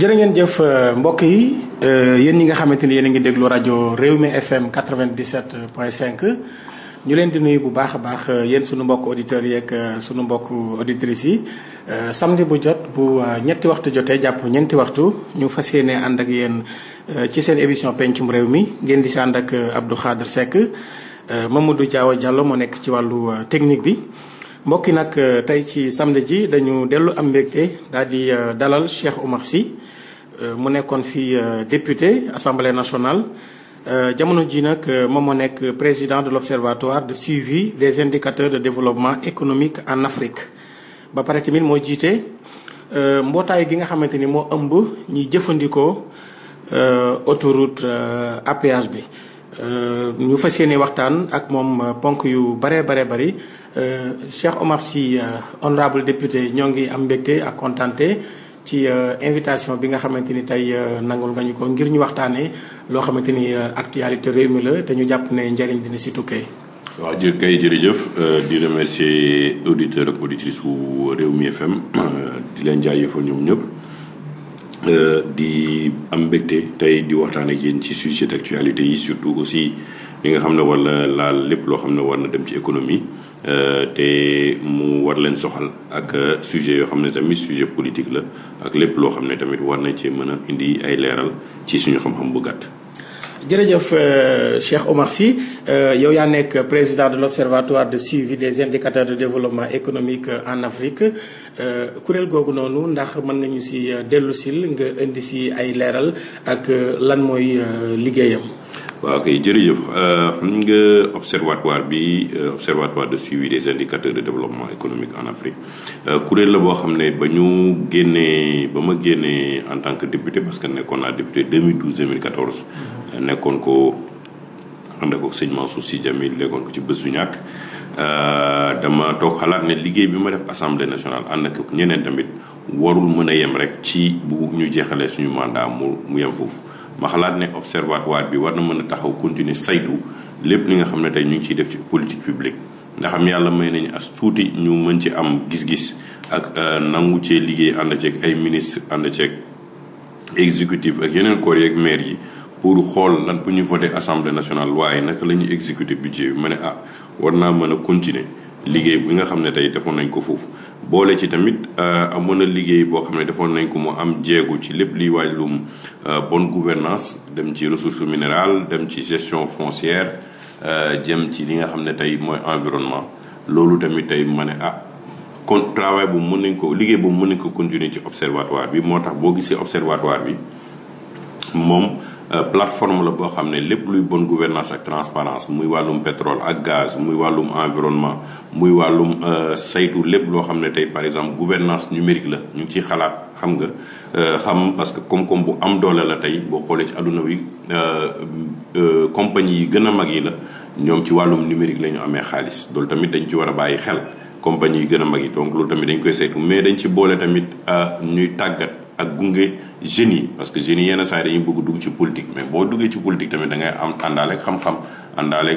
jërë ngeen jëf euh, mbokk yi euh, yéen ñi nga xamante ni yéen a ngi déglu rajo réew mi FM 97.5 ñu leen di nuyu bu baax a baax euh, yéen sunu mbokk auditeurs yeeg sunu mbokk auditrices yi samedi bu jot bu ñetti waxtu jotee jàpp ñeenti waxtu ñu fas yéene ànd ak yéen ci seen émission pencum réew mi ngeen di si ànd ak Abdou Khadre Seck Mamadou Diaw Diallo moo nekk ci wàllu technique bi. mbokk yi nag tey ci samedi ji dañu dellu am mbégte daal di dalal Cheikh Oumar si Euh, mu nekkoon fii euh, député assemblée nationale euh, jamono ji nag moom moo nekk président de l'observatoire de suivi des indicateurs de développement économique en Afrique ba pare tamit moo jiite mbootaay gi nga xamante ni moo ëmb ñi jëfandikoo autoroute à péage bi ñu fas yéene waxtaan ak moom ponk yu bare bare bari Cheikh Omar Sy honorable député ñoo ngi am mbégte ak kontaante ci euh, invitation bi nga xamante ni tey euh, nangul nga ñu ko ngir ñu waxtaanee loo xamante ni euh, actualité réew mi la te ñu jàpp ne njariñ dina si tukkee. waaw jë kay jërëjëf di remercier auditeur ak auditrice bu réew mi FM di leen jaajëfal ñoom ñëpp di am mbégte tey di waxtaan ak yéen ci sujet d'actualité yi surtout aussi li nga xam ne war na laal lépp loo xam ne war na dem ci économie. Euh, te mu war leen soxal ak euh, sujet yoo xam ne tamit sujet politique la ak lépp loo xam ne tamit war nañ cee mën a indi ay leeral ci suñu xam-xam bu gàtt. jërëjëf euh, Cheikh Omar Sy yow yaa nekk président de l' observatoire de suivi des indicateurs de développement économique en Afrique kuréel googu noonu ndax mën nga ñu si dellu sil nga indi si ay leeral ak lan mooy liggéeyam. waa kay jërëjëf euh, xam nga observatoire bi euh, observatoire de suivi des indicateurs de développement économique en Afrique euh, kuréel la boo xam ne ba ñu génnee ba ma génnee en tant que député parce que nekkoon naa député 2012 2014 nekkoon ko ànd ak sëñ Mansour Sy Djamil nekkoon ko ci bés su ñàkk dama toog xalaat ne liggéey bi ma def assemblée nationale ànd ak ñeneen tamit warul mën a yem rek ci bu ñu jeexalee suñu mandat mu mu yem foofu ma xalaat ne observatoire bi war na mën a taxaw continuer saytu lépp li nga xam ne tey ñu ngi ciy def ci politique publique ndax am yàlla may nañu as tuuti ñu mën ci am gis-gis ak euh, nangu cee liggéey ànd ceeg ay ministre ànd ceeg exécutif ak yeneen corps yeeg maire yi pour xool lan bu ñu voté assemblée nationale waaye naka la ñuy exécuté budget bi ma ne ah war naa mën a continuer liggéey bi nga xam ne tey defoon nañ ko foofu boole ci tamit euh, amoon na liggéey boo xam ne defoon nañ ko mu am jéego ci lépp liy wàllum euh, bonne gouvernance dem ci ressource minérale dem ci gestion foncière euh, jëm ci li nga xam ne tey mooy environnement loolu tamit tey ma ne ah kon travail bu mën nañ ko liggéey boobu mën nañ ko continuer ci observatoire bi moo tax boo gisee observatoire bi moom Euh, plateforme la boo xam ne lépp luy bon gouvernance ak transparence muy wàllum pétrole ak gaz muy wàllum environnement muy wàllum euh, saytu lépp loo xam ne tey par exemple gouvernance numérique la ñu ngi ciy xalaat xam nga euh, xam parce que koom bu am doole la tey boo xoolee ci àdduna wi compagnie yi gën a mag yi la ñoom ci wàllum numérique la ñu amee xaalis loolu tamit dañ ci war a bàyyi xel compagnie yi gën a mag yi donc loolu tamit dañ koy saytu mais dañu ci boole tamit ñuy tàggat ak gunge jeunes yi parce que jeunes yi yenn saa yi dañuy bëgg dugg ci politique mais boo duggee ci politique tamit da ngay am àndaale ak xam-xam àndaale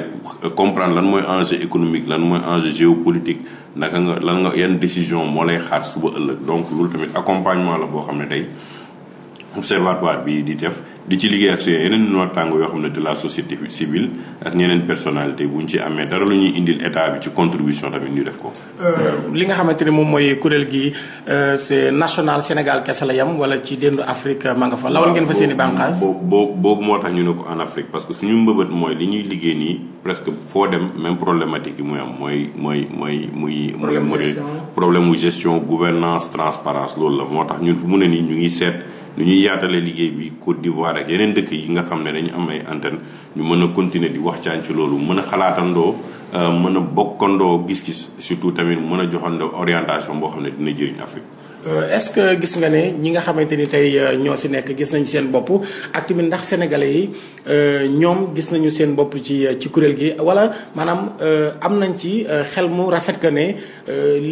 comprendre lan mooy enjeu économique lan mooy enjeu géopolitique naka nga lan nga yenn décision moo lay xaar suba ëllëg donc loolu tamit accompagnement la boo xam ne tey observatoire bi di def. di ci liggéey ak suñu yeneen naataango yoo xam ne de la société civile ak ñeneen personnalité bu ñu ci amee dara lu ñuy indil état bi ci contribution tamit ñu def ko. Euh, li nga xamante ne moom mooy kuréel gi euh, c'est national Sénégal kese la yam wala ci déndu Afrique euh, ma nga fa. lawal ngeen fa seen i bànqaas boobu boobu moo tax ñu ne ko en Afrique parce que suñu mbëbët mooy li ñuy liggéey nii presque foo dem même problématique yi muy am mooy mooy mooy muy. problème mu gestion problème mu gestion gouvernance transparence loolu la moo tax ñun mu ne nii ñu ngi seet. lu ñuy yaatalee liggéey bi Côte d'Ivoire ak yeneen dëkk yi nga xam ne dañu am ay antenne ñu mën a continuer di waxtaan ci loolu mën a xalaatandoo euh, mën a bokkandoo gis-gis surtout tamit mën a joxandoo orientation boo xam ne dina jëriñ Afrique Euh, est-ce que gis nga ne ñi nga xamante ni tey euh, ñoo si nekk gis nañu seen bopp ak tamit ndax sénégalais yi euh, ñoom gis nañu seen bopp ci ci kuréel gi wala maanaam am nañ ci xel mu rafet que ne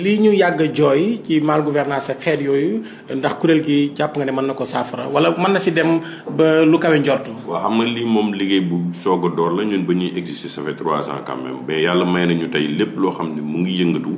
lii ñu yàgg jooy ci mal gouvernance ak xeet yooyu ndax kuréel gi jàpp nga ne mën na ko saafara wala mën na si dem ba lu kawe njortu. waaw xam nga lii moom liggéey bu soog door la ñun ba ñuy exister ça fait trois ans quand même mais yàlla may ñu tey lépp loo xam ne mu ngi yëngatu.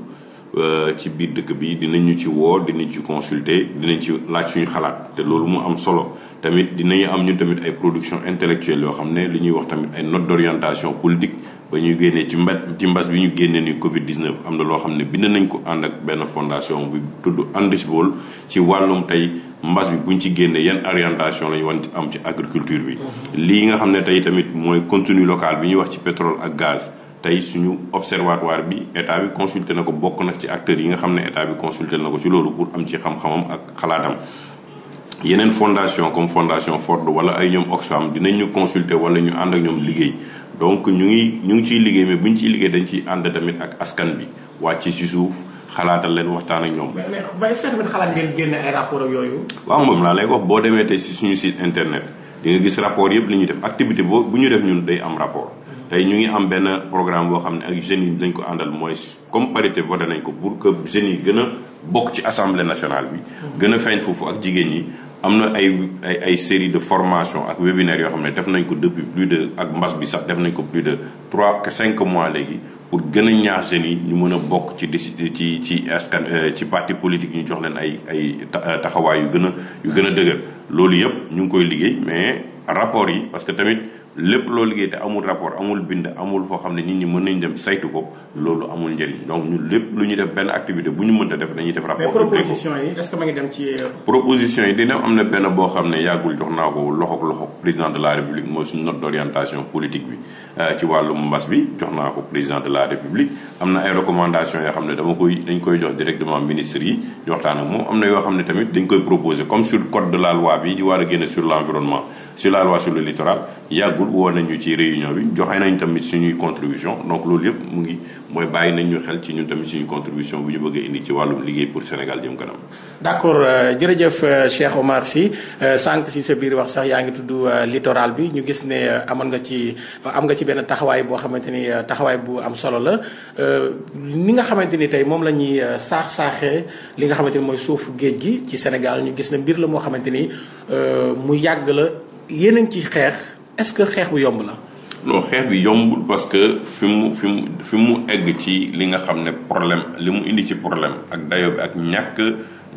Euh, ci biir dëkk bi dinañu ci woo dinañ ci consulter dinañ ci laaj suñu xalaat te loolu mu am solo tamit dinañu am ñu tamit ay production intellectuelle yoo xam ne li ñuy wax tamit ay note d'orientation politique ba ñu génnee ci mbas ci bi ñu génnee ni Covid 19 am na loo xam ne bind nañ ko ànd ak benn fondation bu tudd Andisbool ci wàllum tey mbas bi ñu ci génnee yan orientation lañu wan am ci agriculture bi. Mm-hmm. lii nga xam ne tey tamit mooy contenu local bi ñuy wax ci pétrole ak gaz. tey suñu observatoire bi état bi consulté na ko bokk nag ci acteur yi nga xam ne état bi consulté na ko ci loolu pour am ci xam-xamam ak xalaatam. yeneen fondation comme fondation Ford wala ay ñoom Oxfam dinañ ñu consulter wala ñu ànd ak ñoom liggéey donc ñu ngi ñu ngi ciy liggéey mais bu ñu ciy liggéey dañ ciy ànd tamit ak askan bi wàcc ci suuf xalaatal leen waxtaan ak ñoom. mais mais est-ce que yooyu. waaw moom laa lay wax boo demee tey si suñu site internet di nga gis rapport yëpp li ñuy def activité boo bu ñu def ñun day am rapport. tey ñu ngi am benn programme boo xam ne ak jeunes yi dañ ko àndal mooy comme parité voté nañ ko pour que jeunes yi gën bokk ci assemblée nationale bi. gën a feeñ ak jigéen ñi. am na ay ay ay de formation ak webinaire yoo xam ne def nañ ko depuis plus de ak mbas bi sax def nañ ko plus de trois mois léegi pour gën a ñaax jeunes yi ñu mën a bokk ci ci ci askan euh, ci parti politique ñu jox leen ay ay euh, taxawaay yu gën a yu gën a dëgër. loolu yëpp ñu ngi koy liggéey mais rapport yi parce que tamit. lépp loo liggéey te amul rapport amul bind amul foo xam ne nit ñi mën nañu dem saytu ko loolu amul njëriñ donc ñu lépp lu ñuy def benn activité bu ñu mënta def dañuy def rapport. mais proposition yi est-ce dem euh, yi dina am na benn boo xam ne yàggul jox naa ko loxoog loxoog président de la république mooy suñu note d'orientation politique bi euh, ci wàllum mbas bi jox naa ko président de la république am na ay recommandations yoo xam ne dama koy dañ koy jox directement ministre yi ñu waxtaan yoo xam ne tamit dañ koy proposer comme sur code de la loi bi di war a génne sur su la loi sur le littoral yàggul woo nañu ci réunion bi joxe nañ tamit suñuy contribution donc loolu yëpp mu ngi mooy bàyyi nañ ñu xel ci ñun tamit suñu contribution bi ñu bëggee indi ci wàllum liggéey pour Sénégal jëm kanam. d'accord euh, jërëjëf euh, Cheikh Omar Sy euh, sànq si sa biir wax sax yaa ngi tudd littoral bi ñu gis ne amoon nga ci am nga ci benn taxawaay boo xamante ni taxawaay bu am solo la ni nga xamante ni tey moom la ñuy saax saaxee li nga xamante ni mooy suufu géej gi ci Sénégal ñu gis ne mbir la moo xamante ni mu yàgg la. yéen a ngi ci xeex est-ce que xeex bu yomb la. loo xeex bi yombul parce que fi mu fi mu fi mu egg ci li nga xam ne problème li mu indi ci problème ak dayo bi ak ñàkk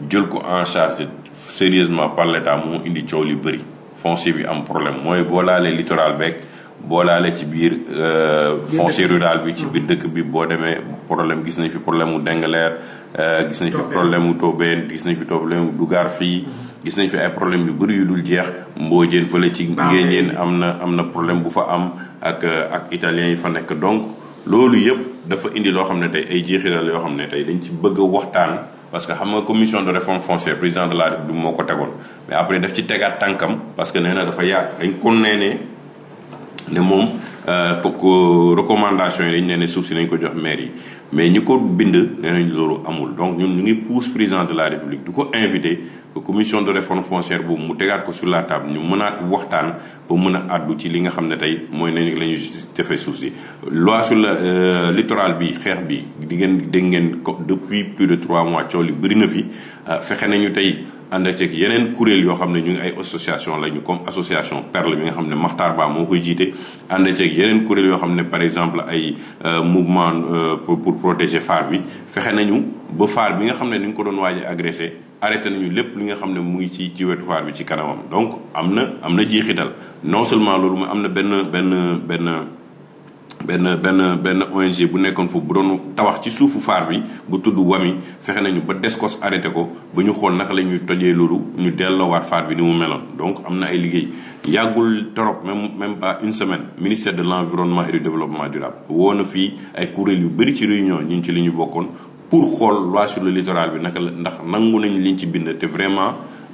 jël ko en charge sérieusement par l'état moo indi coow li bëri foncier bi am problème mooy boo laalee littoral beeg boo ci biir euh, foncier rural bi ci hmm. biir dëkk bi boo demee problème gis nañ fi problème mu Dengaleer Euh, gis nañ fi problème mu Tobène gis nañ fi problème mu gaar fii gis nañ fi ay problème bi bëri dul jeex mboojeen fële ci ngéejeen am na am na problème bu fa am ak euh, ak italiens yi fa nekk donc loolu yëpp dafa indi loo xam ne tey ay jeexital yoo xam ne tey dañ ci bëgg waxtaan parce que xam nga commission de réforme foncière président de la république moo ko tegoon mais après daf ci tegaat tànkam parce que nee na dafa yàgg dañ kon nee ne ne moom euh, pour recommandation yi dañ ne ne suuf nañ ko jox maire yi mais ñi ko bind nee nañ loolu amul donc ñun ñu ngi pousse président de la république du ko invité que commission de réforme foncière boobu mu tegaat ko sur la table ñu mënaat waxtaan ba mën a àddu ci li nga xam ne tey mooy nañ la ñu defee suuf si. loi sur le euh, littoral bi xeex bi di ngeen dégg ngeen ko depuis plus de trois mois coow li bëri na fi euh, fexe nañu tey. ànd yeneen kuréel yoo xam ne ñu ngi ay association lañu comme association Perle bi nga xam ne Makhtar Ba moo koy jiite ànd yeneen kuréel yoo xam ne par exemple ay euh, mouvement euh, pour protéger phare bi fexe nañu ba phare bi nga xam ne ni nga ko doon waaj a agressé arrêté nañu lépp li nga xam ne mu ngi ci ci wetu phare bi ci kanamam donc am na am na jeexital non seulement loolu mu am na benn benn benn. benn benn benn ONG bu nekkoon foofu bu doon tabax ci suufu faar bi bu tudd Wami fexe nañu ba Descos arrêté ko ba ñu xool naka la ñuy tojee loolu ñu delloowaat faar bi ni mu meloon. donc am na ay liggéey yàggul trop même même pas une semaine ministère de l' environnement et du développement durable woo na fii ay kuréel yu bëri ci réunion ñun ci li ñu bokkoon pour xool loi sur le bi naka la ndax nangu nañu liñ ci bind te vraiment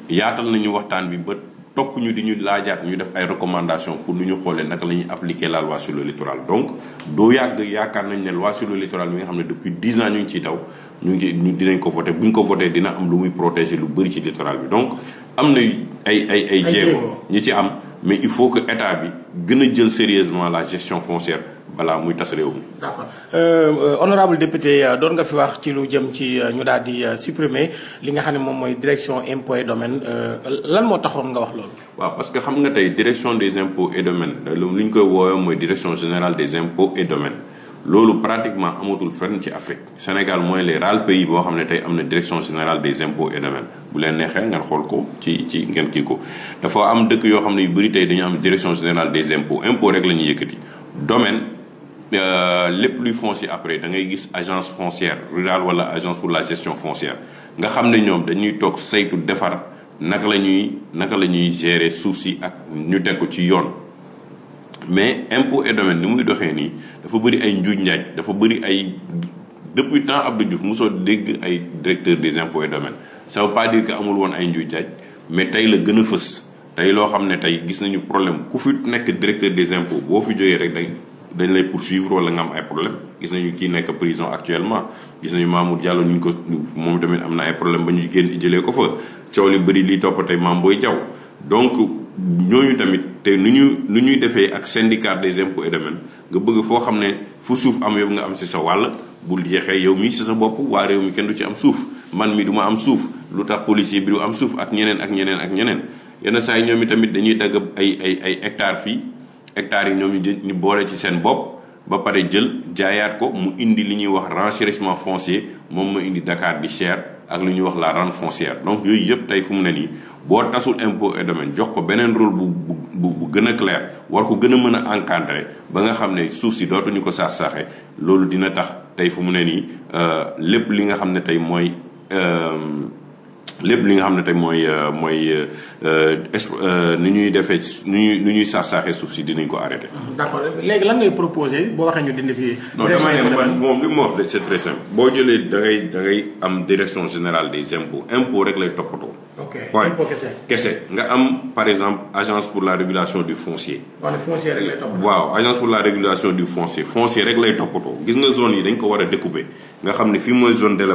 yaatal nañu waxtaan bi ba. topp ñu di ñu laajaat ñu def ay recommandations pour nu ñu xoolee naka la ñuy appliquer la loi sur le littoral donc doo yàgg yaakaar nañ ne loi silo le littoral bi nga xam ne depuis dix ans ñu ngi ciy daw ñu ngi dinañ ko voté bu ñu ko voté dina am lu muy protéger lu bëri ci littoral bi donc am na ay ay ay jéego ñu ci am. mais il faut que état bi gën a jël sérieusement la gestion foncière balaa muy tas réew mi. d'accord euh, euh honorable député euh, doon nga fi wax ci lu jëm ci euh, ñu daal di supprimer li nga xam ne moom mooy direction impôts et domaines lan moo taxoon nga wax loolu. waaw parce que xam nga tey direction des impôts et domaines lu ñu koy woowee mooy direction générale des impôts et domaines. loolu pratiquement amatul fenn ci Afrique Sénégal mooy les rares pays boo xam ne tey am na direction générale des impôts et domaines bu leen neexee ngeen xool ko ci ci ngeen kii ko dafa am dëkk yoo xam ne yu bëri tey dañu am direction générale des impôts impôts rek la ñuy yëkkati domaine euh, lépp luy foncier après da ngay gis agence foncière rurale wala agence pour la gestion foncière nga xam ne ñoom dañuy toog saytu defar naka la ñuy naka la ñuy gérer suuf si ak ñu teg ci yoon mais impôt et domaine ni muy doxee nii dafa bëri ay njuuj njaaj dafa bari ay depuis temps Abdou Diouf mosoo dégg ay directeur des impôts et domaines ça veut pas dire que amul woon ay njuuj njaaj mais tey la gën a fës tey loo xam ne tey gis nañu problème ku fi nekk directeur des impôts boo fi jógee rek dañ dañ lay poursuivre wala nga am ay problème gis nañu kii nekk prison actuellement gis nañu Mamour Diallo ñu ko moom tamit am na ay problème ba ñu génn jëlee ko fa coow li bëri li topp tey Mame Boye Diaw donc ñooñu tamit te nu ñu nu ñuy defee ak syndicat des impôts et domaines nga bëgg foo xam ne fu suuf am yow nga am si sa wàll bul jeexee yow mi si sa bopp waa réew mi kenn du ci am suuf man mii du ma am suuf lu tax policier bi du am suuf ak ñeneen ak ñeneen ak ñeneen yenn saa yi ñoom i tamit dañuy dagg ay ay ay hectares fii hectares yi ñoom ñu ñu boole ci seen bopp ba pare jël jaayaat ko mu indi li ñuy wax renchérissement foncier moom ma indi Dakar di cher ak lu ñuy wax la rente foncière donc yooyu yëpp tey fu mu ne nii boo tasul impôt et domaine jox ko beneen rôle bu bu bu gën a clair war ko gën a mën a encadrer ba nga xam ne suuf si dootuñu ko saax saaxe loolu dina tax tey fu mu ne nii euh, lépp li nga xam ne tey mooy. Euh, lépp li nga xam ne tey mooy euh, mooy euh, euh, ni ñuy defee nu ñuy nu ñuy saax saaxee suuf si dinañ ko arrêté. d' accord léegi lan ngay proposé boo waxee ñu dindi fii. non dama ne man moom li mu wax c' boo jëlee da ngay da ngay am direction générale des impôts impôts rek lay toppatoo. ok impôt kese kese nga am par exemple agence pour la régulation du foncier. waaw foncier rek lay toppatoo. waaw agence pour la régulation du foncier foncier rek lay toppatoo gis nga zone yi dañ ko war a découper nga xam ne fii mooy zone d'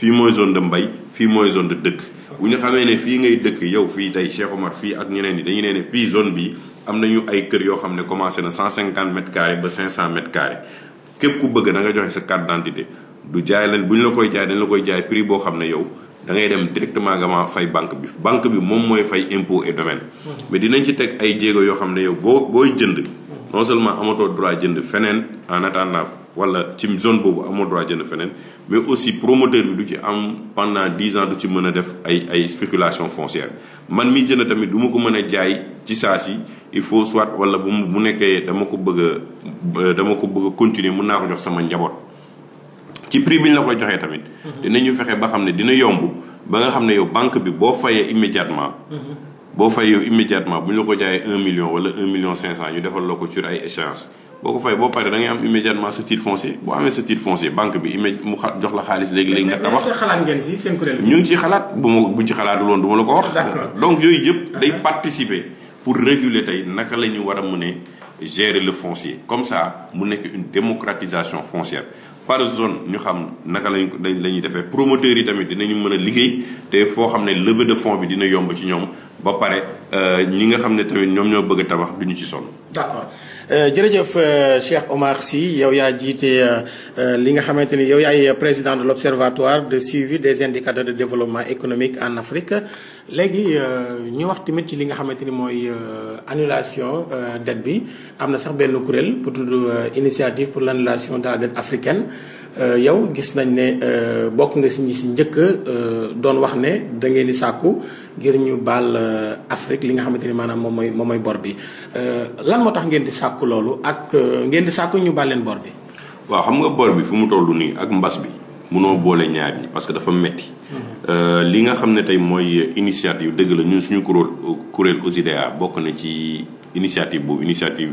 fii mooy zone de mbay fii mooy zone de dëkk. bu ñu xamee ne fii ngay dëkk yow fii tey Cheikh Omar fii ak ñeneen ñi dañu ne ne fii zone bi am nañu ay kër yoo xam ne commencé na cent cinquante mètres carrés ba cinq 500 mètres carrés képp ku bëgg na nga joxe sa carte d' identité du jaay bu ñu la koy jaay la koy jaay prix boo xam ne yow. da ngay dem directement nga ma fay banque bi banque bi moom mooy fay impôt et domaine. mais dinañ ci teg ay jéego yoo xam ne yow boo booy jënd. non seulement amatoo droit jënd feneen en attendant wala ci zone boobu amoo droit jënd feneen mais aussi promoteur bi du ci am pendant dix ans du ci mën a def ay ay spéculation foncière man mi jënd tamit du ma ko mën a jaay ci saa si il faut soit wala bu mu nekkee dama ko bëgg a dama ko bëgg a mën naa ko jox sama njaboot. ci prix bi ñu la ko joxee tamit. dinañu fexe ba xam ne dina yomb ba nga xam ne yow banque bi boo fayee immédiatement. boo fayee yow immédiatement bu ñu la ko jaayee un million wala un million cinq cent ñu defal la ko sur ay échéance boo ko fay boo paree da am immédiatement sa titre foncier boo amee sa titre foncier banque bi immé mu jox la xaalis léegi léegi nga tabax. xalaat ngeen si ñu ngi ciy xalaat bu ma bu ci xalaatul woon du ma la ko wax. donc yooyu yëpp day participer pour réguler tey naka la ñu war a mën a le foncier comme ça mu nekk une démocratisation foncière. par zone ñu xam naka lañ ko dañ la defee promoteurs yi tamit dinañu mën a liggéey te foo xam ne levée de fonds bi dina yomb ci ñoom ba pare euh, ñi nga xam ne tamit ñoom ñoo bëgg a tabax duñu ci sonn. d'accord. Euh, jërëjëf euh, Cheikh Omar si yow yaa jiite euh, li nga xamante ni yow yaay président de l' observatoire de suivi des indicateurs de développement économique en Afrique léegi ñu wax tamit ci li nga xamante ni mooy annulation dette bi am na sax benn kuréel pour tudd initiative pour l' annulation de africaine. Euh, yow gis nañ ne euh, bokk nga si ñi si njëkk euh, doon wax ne da ngeen di sàkku ngir ñu baal Afrique li nga xamante ne maanaam moom mooy moom mooy bor bi lan moo tax ngeen di sàkku loolu ak ngeen di sàkku ñu baal leen bor bi. waaw xam nga bor bi fu mu toll nii ak mbas bi munoo boole ñaar ñi parce que dafa metti mm-hmm. li nga xam ne tey mooy initiative dëgg la ñun suñu kuréel kuréel OSIDEA bokk na ci initiative boobu initiative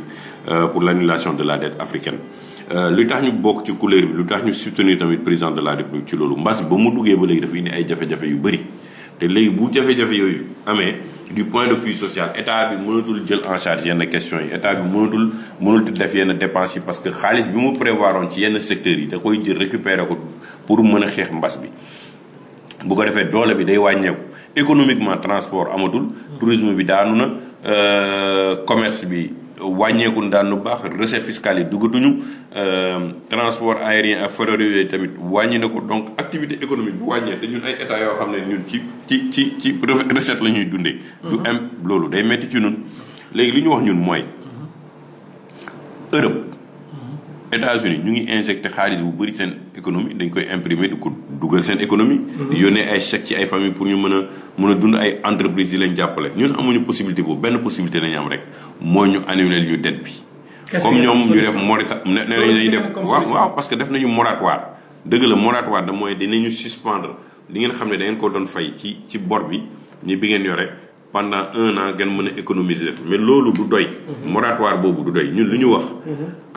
pour la annulation de la dette africaine. Euh, li tax ñu bokk ci couleur bi lu tax ñu soutenir tamit président de la république ci loolu mbas ba mu duggee ba léegi dafa indi ay jafe-jafe yu bëri te léegi bu jafe-jafe yooyu amee du point de vue social état bi mënatul jël en charge yenn questions yi état bi mënatul mënatul def yenn dépenses yi parce que xaalis bi mu prévoiroon ci yenn secteurs yi da koy jël récupérer ko pour mën a xeex mbas bi bu ko defee doole bi day wàññeeku économiquement transport amatul tourisme bi daanu na euh, commerce bi wàññeeku daan lu baax recette fiscale yi duggatuñu euh, transport aérien ak ferroviaire tamit wàññi na ko donc activité économique bu wàññee te ñun ay état yoo xam ne ñun ci ci ci ci recette la ñuy dundee. du am mhm. loolu day metti ci ñun léegi li ñu wax ñun mooy Europe. États-Unis ñu ngi injecté xaalis bu bëri seen économie dañ koy imprimer di ko dugal seen économie. di yónnee ay chèques ci ay famille pour ñu mën a mën a dund ay entreprises di leen jàppale ñun amuñu possibilité boobu benn possibilité la am rek mooy ñu annulé ñu dette bi. comme ñoom ñu def Mauritanie ne nañu def waaw waaw parce que def nañu moratoire dëgg la moratoire da mooy dinañu suspendre li ngeen xam ne da ngeen doon fay ci ci bor bi ñi bi ngeen yore. pendant un an ngeen mën a économiser mais loolu du doy. moratoire boobu du doy ñun lu ñu wax.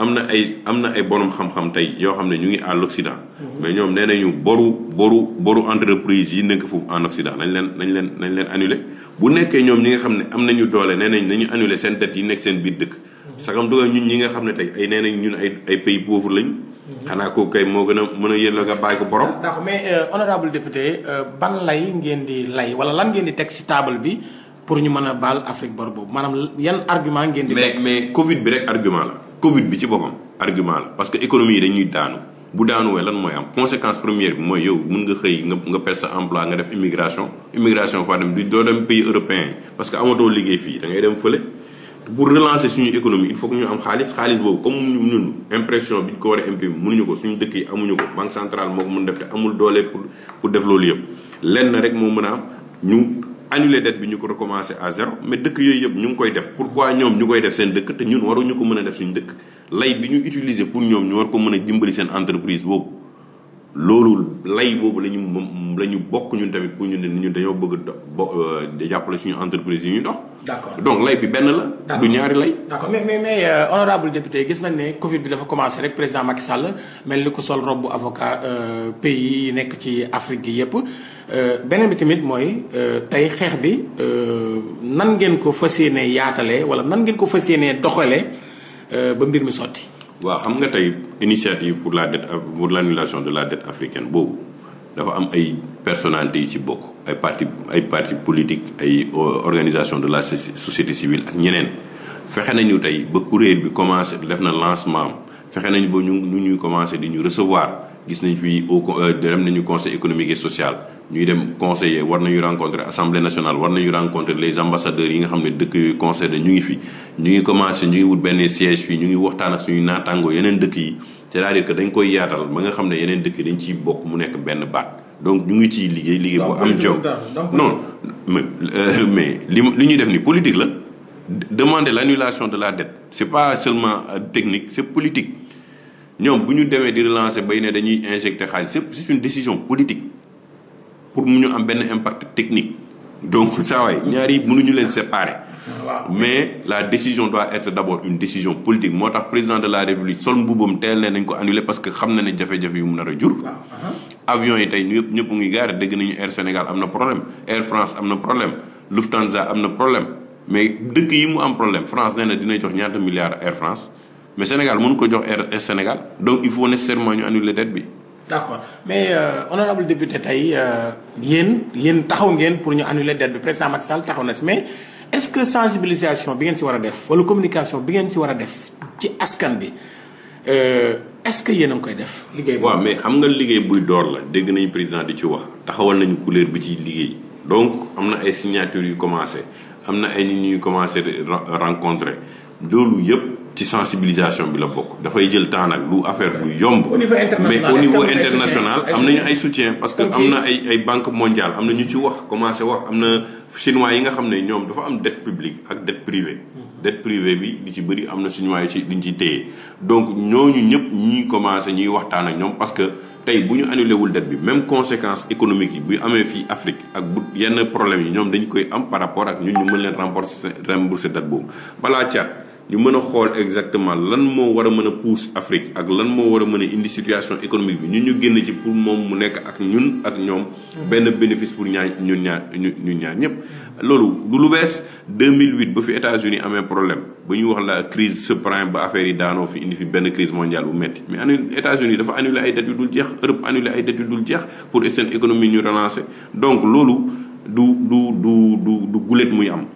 am na ay am na ay borom xam-xam tey yoo xam ne ñu ngi à l'Occident. mais ñoom nee nañu boru boru boru entreprise yi nekk foofu en Occident nañ leen nañ leen nañ leen annuler bu nekkee ñoom ñi nga xam ne am nañu doole nee nañ nañu annuler seen dette yi nekk seen biir dëkk. sagam dugal ñun ñi nga xam ne tey ay ñun ay ay pays pauvre lañ. xanaa koo kay moo gën a mën a yéen la nga bàyyi ko borom. d'accord mais euh, honorable député euh, ban lay ngeen di lay wala lan ngeen di teg ci table bi. pour ñu mën a baal Afrique bor boobu maanaam yan argument ngeen di. mais mais Covid bi rek argument la. Covid bi ci boppam argument la parce que économie yi dañuy daanu bu daanuwee lan mooy am conséquence première bi mooy yow mën nga xëy nga nga perte sa emploi nga def immigration immigration faa dem du doo dem pays européen parce que amatoo liggéey fii da ngay dem fële. pour relancer suñu économie il faut que ñu am xaalis xaalis boobu comme ñun impression bi ñu ko war a imprimer mënuñu ko suñu dëkk yi amuñu ko banque centrale moo ko def te amul doole pour pour def loolu yëpp lenn rek moo mën a am annuler dette bi ñu ko recommencer à zéro mais dëkk yooyu yëpp ñu ngi koy def pourquoi ñoom ñu koy def seen dëkk te ñun waruñu ko mën a def suñu dëkk lay bi ñu utiliser pour ñoom ñu war ko mën a dimbali seen entreprise boobu loolu lay boobu la ñu moom la ñu bokk ñun tamit pour ñu ne ñu dañoo bëgg a euh, jàppale suñu entreprise yi ñu dox. d'accord donc lay bi benn la. du ñaari lay. d'accord mais mais mais euh, honorable député gis nañ ne Covid bi dafa commencé rek président Macky Sall mel ni ko sol robu avocat euh, pays yi nekk ci Afrique gi yépp beneen bi tamit mooy tey xeex bi nan ngeen ko fas yéenee yaatale wala nan ngeen ko fas yéenee doxalee ba mbir mi sotti. waaw xam nga tey initiative pour la dette pour l'annulation de la dette africaine boobu. dafa am ay personnalités yi ci bokk ay parti ay parti politique ay euh, organisation de la société civile ak ñeneen fexe nañu tey ba kuréel bi commencé def na lancement fexe nañu ba ñu ñu ñuy commencé di ñu recevoir gis nañu fi au euh, dem nañu conseil économique et social ñuy dem conseiller war nañu rencontrer assemblée nationale war nañu rencontrer les ambassadeurs yi nga xam ne dëkk yooyu conseil de ñu ngi fi. ñu ngi commencé ñu ngi wut benn siège fii ñu ngi waxtaan ak suñu naataangoo yeneen dëkk yi. c'est-à-dire dañ koy yaatal ba nga xam ne yeneen dëkk dañ ci bokk mu nekk benn baat donc ñu ngi ciy liggéey liggéey bu am jom non mais euh, mais li li ñuy def ni politique la demander l'annulation de la dette c'est pas seulement euh, technique c'est politique ñoom bu ñu demee di relancer bay ne dañuy injecter xaalis c'est une décision politique pour mu ñu am benn impact technique donc ça waay ñaari mënuñu leen séparer. mais la décision doit être d'abord une décision politique moo tax président de la république sol mbubbam teel ne nañ ko annuler parce que xam na ne jafe-jafe yu mu nar a jur. avion yi tey ñëpp ñëpp ngi gaare dégg nañu Air Sénégal am na problème Air France am na problème Lufthansa am na problème mais dëkk yi mu am problème France nee na dina jox ñaata milliards Air France mais Sénégal mënu ko jox Air Sénégal il faut nécessairement ñu annuler dette bi. d' accord mais euh, honorable député tey euh, yéen yéen taxaw ngeen pour ñu annuler dette bi président Macky Sall taxaw na si mais est ce que sensibilisation bi ngeen si war a def wala communication bi ngeen si war a def ci askan bi euh, est ce que yéen a ngi koy def liggéey waaw mais xam nga liggéey buy door la dégg nañu président di ci wax taxawal nañu couleur bi ci liggéey donc am na ay signature yu commencé am na ay nit ñu commencé rencontré loolu yëpp ci sensibilisation bi la bokk dafay jël temps ak du affaire bu yomb. mais au niveau international am nañu ay soutien parce que am na ay ay banque mondiale am na ñu ci wax commencé wax am na chinois yi nga xam ne ñoom dafa am dette publique ak dette privée. Hmm. dette privée bi di ci bëri am na chinois yu ci duñ ci téye donc ñooñu ñëpp ñu commencé ñuy waxtaan ak ñoom parce que tey bu ñu annulé wul dette bi même conséquence économique yi bu amee fii Afrique ak bu yenn problème yi ñoom dañ koy am par rapport ak ñun ñu mën leen rembourser rembourser dette boobu balaa caat. ñu mën a xool exactement lan moo war a mën a pousse Afrique ak lan moo war a mën a indi situation économique bi ñu ñu génn ci pour moom mu nekk ak ñun ak ñoom. benn bénéfice pour ñaar ñun ñu ñun ñaar ñëpp. loolu du lu bees 2008 ba fi États-Unis amee problème ba ñu wax la crise subprime ba affaire yi daanoo fi indi fi benn crise mondiale bu métti mais annulé États-Unis dafa annulé ay dettes yu dul jeex Europe annulé ay dettes yu dul jeex pour seen économie ñu relancer donc loolu du du du du du gulet muy am.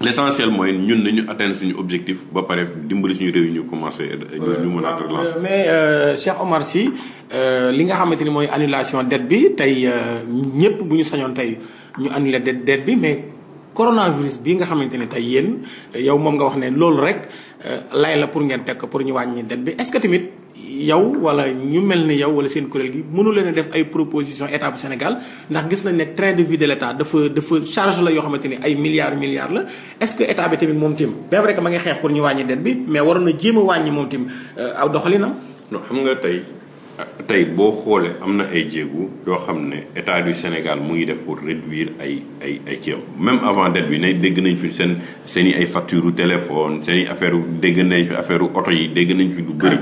l' essentiel mooy ñun nañu atteindre suñu objectif ba pare dimbali suñu réew ñu commencé. Euh, ñu mën a relancer mais euh, Cheikh Omar Sy euh, li nga xamante ni mooy annulation dette bi tey ñëpp bu ñu sañoon tey ñu annulé dette dette bi mais coronavirus bii nga xamante ni tey yéen yow moom nga wax ne loolu rek lay la pour ngeen teg ko pour ñu wàññi dette bi est-ce que yow wala ñu mel ni yow wala seen kuréel gi mënu leen a def ay proposition état bu Sénégal ndax gis nañ ne train de vie de l' dafa dafa charge la yoo xamante ni ay milliards milliards la est ce que état bi tamit moom tim bien vrai que ma ngi xeex pour ñu wàññi dette bi mais waroon na jéem a wàññi moom tim euh, aw doxalinam. non xam nga tey tey boo xoolee am na ay jéegu yoo xam ne état du Sénégal mu ngi def pour réduire ay ay ay ceeb même avant dette bi ne dégg nañ fi seen seen i ay facture téléphone seen i affaire dégg nañ fi affaire oto yi dégg nañ fi lu bëri